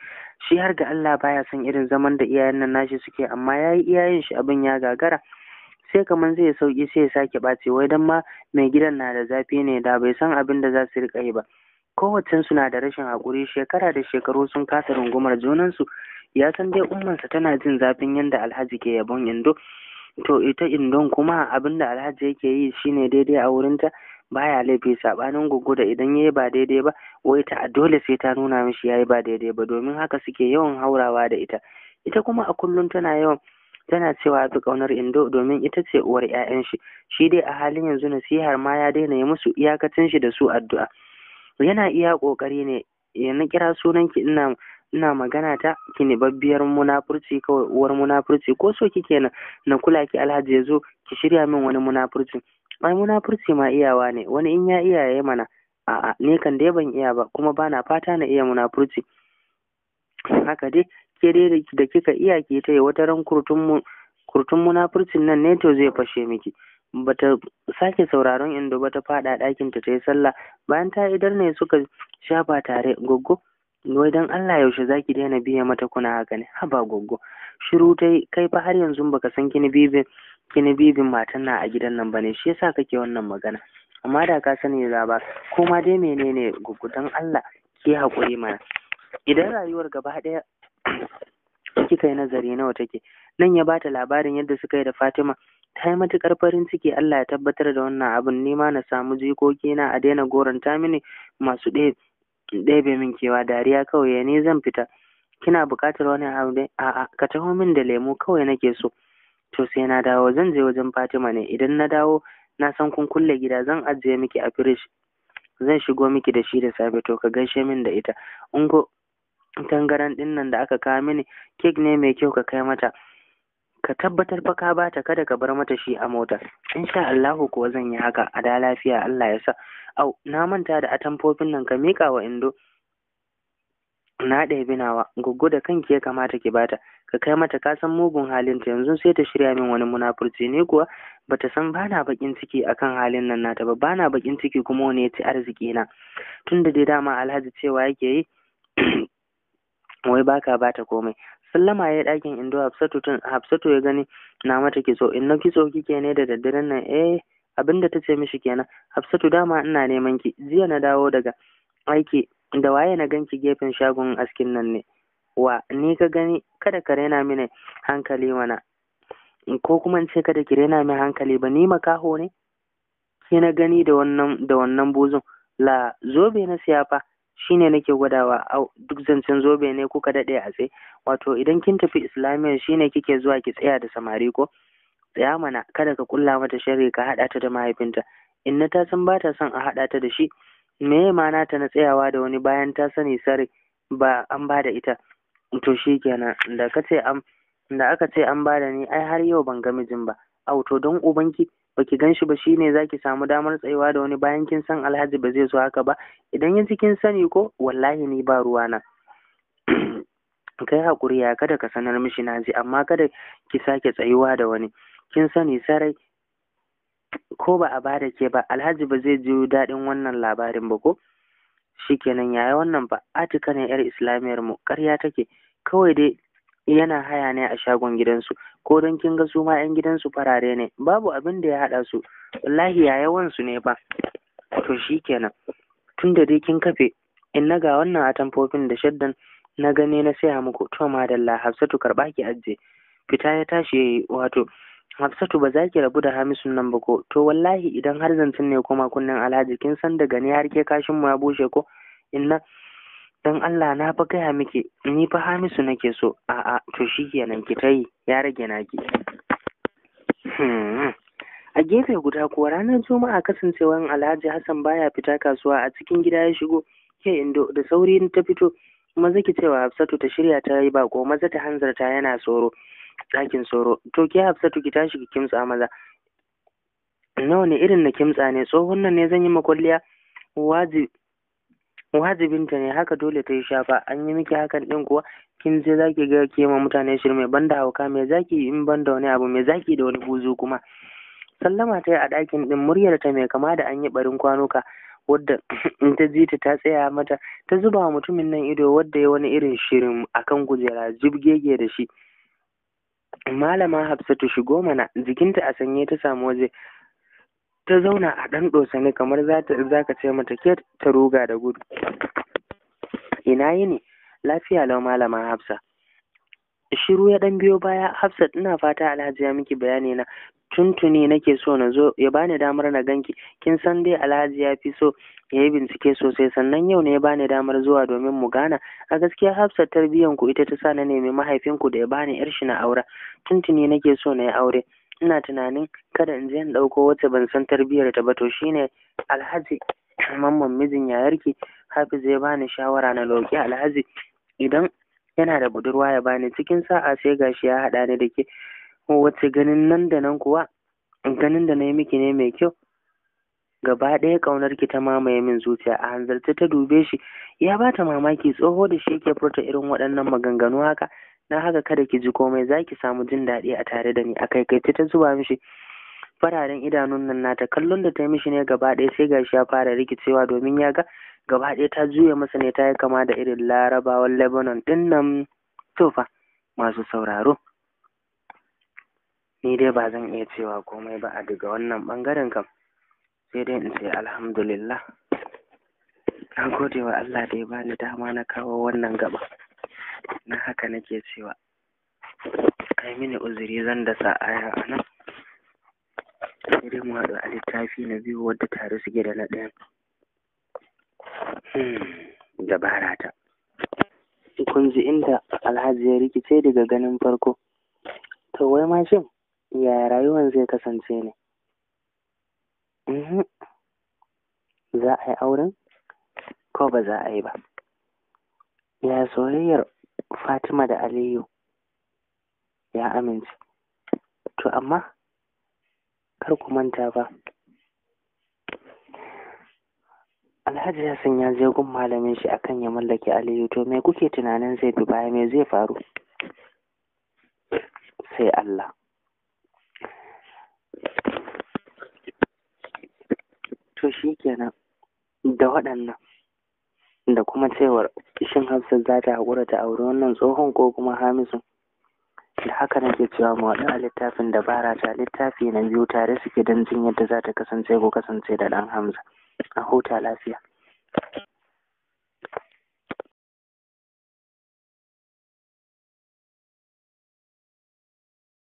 shi har ga allah baya son irin zaman da iyayen nan nashi suke amma ya yi iyayen shi abin ya gagara sai kaman zai sauki sai ya sake ɓace wai don ma mai gidan na da zafi ne da bai san abin da za su riƙa yi ba kowacen na da rashin haƙuri shekara da shekaru sun kasa rungumar junansu ya san dai ummansa tana jin zafin yadda alhaji ke yabon indo to ita indon kuma abin da alhaji yake yi shine daidai a wurinta baya laifi sabanin gugu da idan yayi ba daidai ba wai ta dole sai ta nuna mishi yayi ba daidai ba domin haka suke yawan haurawa da ita ita kuma a kullum tana yawan tana cewa fi kaunar indo domin ita ce uwar 'ya'yan shi shi dai a halin yanzu nasihar ma ya daina yi musu iyakacin shi da su addu'a yana iya kokari ne ya na kira sunan ki ina ina magana ta ki ne babbiyar munafurci kawai uwar munafurci ko so kike na na kula ki alhaji ya zo ki shirya min wani munafurcin ai munafurci ma iyawa ne wani in ya iya ya mana a'a ne kan dai ban iya ba kuma bana fata na iya munafurci haka dai ke dai da kika iya ke ta yi wata ran kurtun kurtun munafurcin nan ne to zai fashe miki bata sake sauraron indo ba ta faɗa ɗakin ta yi sallah bayan ta idar ne suka shafa tare goggo wai dan Allah yaushe zaki daina biya mata kuna haka ne haba goggo shiru ta kai fa har yanzu baka san kini bibin bibin matan nan a gidan nan bane shi yasa kake wannan magana amma da ka sani da ba ko ma dai menene gugudan Allah ke hakuri mana idan rayuwar gaba ɗaya kika yi nazari nawa take nan ya bata labarin yadda suka yi da Fatima ta yi matukar farin ciki Allah ya tabbatar da wannan abin nima na samu jikoki na a daina goranta mini masu ɗebe min kewa dariya kawai ne zan fita kina bukatar wani abu a'a ka taho min da lemu. kawai nake so to sai na dawo zan je wajen Fatima ne idan na dawo na san kun kulle gida zan ajiye miki a firish zan shigo miki da shi da safe to ka gaishe min da ita ungo tangaran din nan da aka kawo mini kek ne mai kyau ka kai mata ka tabbatar fa ka bata kada ka bar mata shi a mota insha Allah kuwa zan yi haka a da lafiya Allah ya sa au na manta da atamfofin nan ka mika wa indo na ɗaya nawa goggo da kanki ya kamata ki bata ka kai mata ka san mugun halinta yanzu sai ta shirya min wani munafurci ne kuwa bata san bana bakin ciki akan halin nan nata ba bana bakin ciki kuma wani ya ci arziki na tunda dai dama alhaji cewa yake yi wai baka bata komai sallama ya ɗakin indo hafsatu tun hafsatu ya gani na mata kitso in na kitso kike ne da daddaren nan eh abinda ta ce mishi kenan hafsatu dama ina neman ki jiya na dawo daga aiki da waye na ganki gefen shagon askin nan ne wa ni ka gani kada ka raina mini hankali mana ko kuma in ce kada ki raina min hankali ba ni makaho ne Ki na gani da wannan da wannan buzun la zobe na siyafa fa shine nake gwadawa au duk zancen zobe ne kuka daɗe a tsaye wato idan kin tafi islamiyya shine kike zuwa ki tsaya da samari ko tsaya mana kada ka kulla mata sharri ka hada ta da mahaifinta inna ta san ba ta son a haɗa ta da shi me ma nata na tsayawa da wani bayan ta sani sare ba an ba da ita to kenan da ka ce an da aka ce an ba da ni ai har yau ban ga mijin ba au to don ubanki baki gan shi ba shine zaki samu damar tsayawa da wani bayan kin san Alhaji ba zai so haka ba idan yanzu kin sani ko wallahi ni ba ruwa na kai hakuri ya kada ka sanar mishi naji amma kada ki sake tsayuwa da wani kin sani sarai ko ba a bada ke ba alhaji ba zai ji daɗin wannan labarin ba ko shikenan yaya wannan ba atika ne yar islamiyar mu ƙarya take kawai dai yana haya ne a shagon gidansu ko don kin ga su ma yan gidansu farare ne babu abin da ya haɗa su wallahi ya yawan su ne ba to shikenan tun da dai kin kafe in na ga wannan atamfofin da shaddan na gani na saya muku to madalla hafsatu karɓa ki ajiye fita ya tashi wato Hafsatu ba za ki rabu da Hamisun nan ba ko to wallahi idan har zancen ne kuma kunnen Alhaji kin san daga ni har ke kashin mu ya bushe ko inna dan Allah na fa gaya miki ni fa Hamisu nake so a'a to shikenan ki tayi ya rage naki hmm. a gefe guda ko ranar juma'a kasancewar alhaji hassan baya fita kasuwa a cikin gida ya shigo ke indo da sauri ta fito maza ki cewa hafsatu ta shirya ta yi bako maza ta hanzarta yana tsoro ɗakin sauro to ke hafsatu ki tashi ki kimtsa maza nawa ne irin na kimtsa ne tsohon nan ne zan yi makwalliya wajibinta ne haka dole ta yi shafa an yi miki hakan din kuwa kin je za ki ga ke ma mutane shirme banda hauka me zaki in banda wani abu me zaki da wani buzu kuma sallama ta yi a ɗakin ɗin muryar ta mai kama da an yi ɓarin kwanuka wadda in ta ji ta ta tsaya mata ta zuba wa mutumin nan ido wadda ya wani irin shirin akan kujera jibgege da shi malama hafsatu shigo mana jikinta a sanye ta samu waje ta zauna a ɗan ɗosani kamar za ka ce mata ke ta ruga da gudu ina yini lafiya lau malama hafsa shiru ya dan biyo baya hafsat ina fata alhaji ya miki bayani na tuntuni nake so na zo ya bani damar na ganki kin san dai alhaji ya fi so ya yi bincike sosai sannan yau ne ya bani damar zuwa domin mu gana a gaskiya hafsat tarbiyan ku ita ta sa na nemi mahaifinku da ya bani yar shi na aura tuntuni nake so na yi aure ina tunanin kada in je in ɗauko wata ban san tarbiyyar ta ba to shine alhaji mamman mijin yayarki hafiz ya bani shawara na loki alhaji idan yana da budurwa ya bani cikin sa'a sai gashi ya haɗa ni da ke wacce ganin nan da nan kuwa ganin da na yi miki ne mai kyau gaba ɗaya ƙaunar ki ta mamaye min zuciya a hanzarta ta dube shi ya ba ta mamaki tsoho da shi yake furta irin waɗannan maganganu haka na haka kada ki ji komai za ki samu jin daɗi a tare da ni a kai kai ta zuba mishi fararen idanun nan nata kallon da ta yi mishi ne gaba ɗaya sai gashi ya fara rikicewa domin ya ga gaba ɗaya ta juya masa ne ta yi kama da irin larabawan lebanon ɗin nan masu sauraro ni dai ba zan iya cewa komai ba a daga wannan ɓangaren kam sai dai in ce alhamdulillah na gode wa Allah da ya bani dama na kawo wannan gaba na haka nake cewa Kai mini uzuri zan da sa aya a nan sai dai mu haɗu a littafi na biyu wadda tare suke da na ɗaya Hmm. dabara ta kun ji inda alhaji ya rikice daga ganin farko to wai ma shin yaya rayuwan zai kasance ne mhm. za a yi auren ko ba za a yi ba ya soyayyar fatima da aliyu ya amince to amma kar ku manta ba Alhaji Hassan ya je gun malamin shi akan ya mallake Aliyu to me kuke tunanin zai bi baya me zai faru? Sai Allah. To shi kenan da waɗannan da kuma cewar shin Hafsat za ta haƙura ta auri wannan tsohon ko kuma Hamisu. Da haka nake cewa ma littafin dabara ta littafi na biyu tare suke don jin yadda za ta kasance ko kasance da ɗan Hamza. a huta lafiya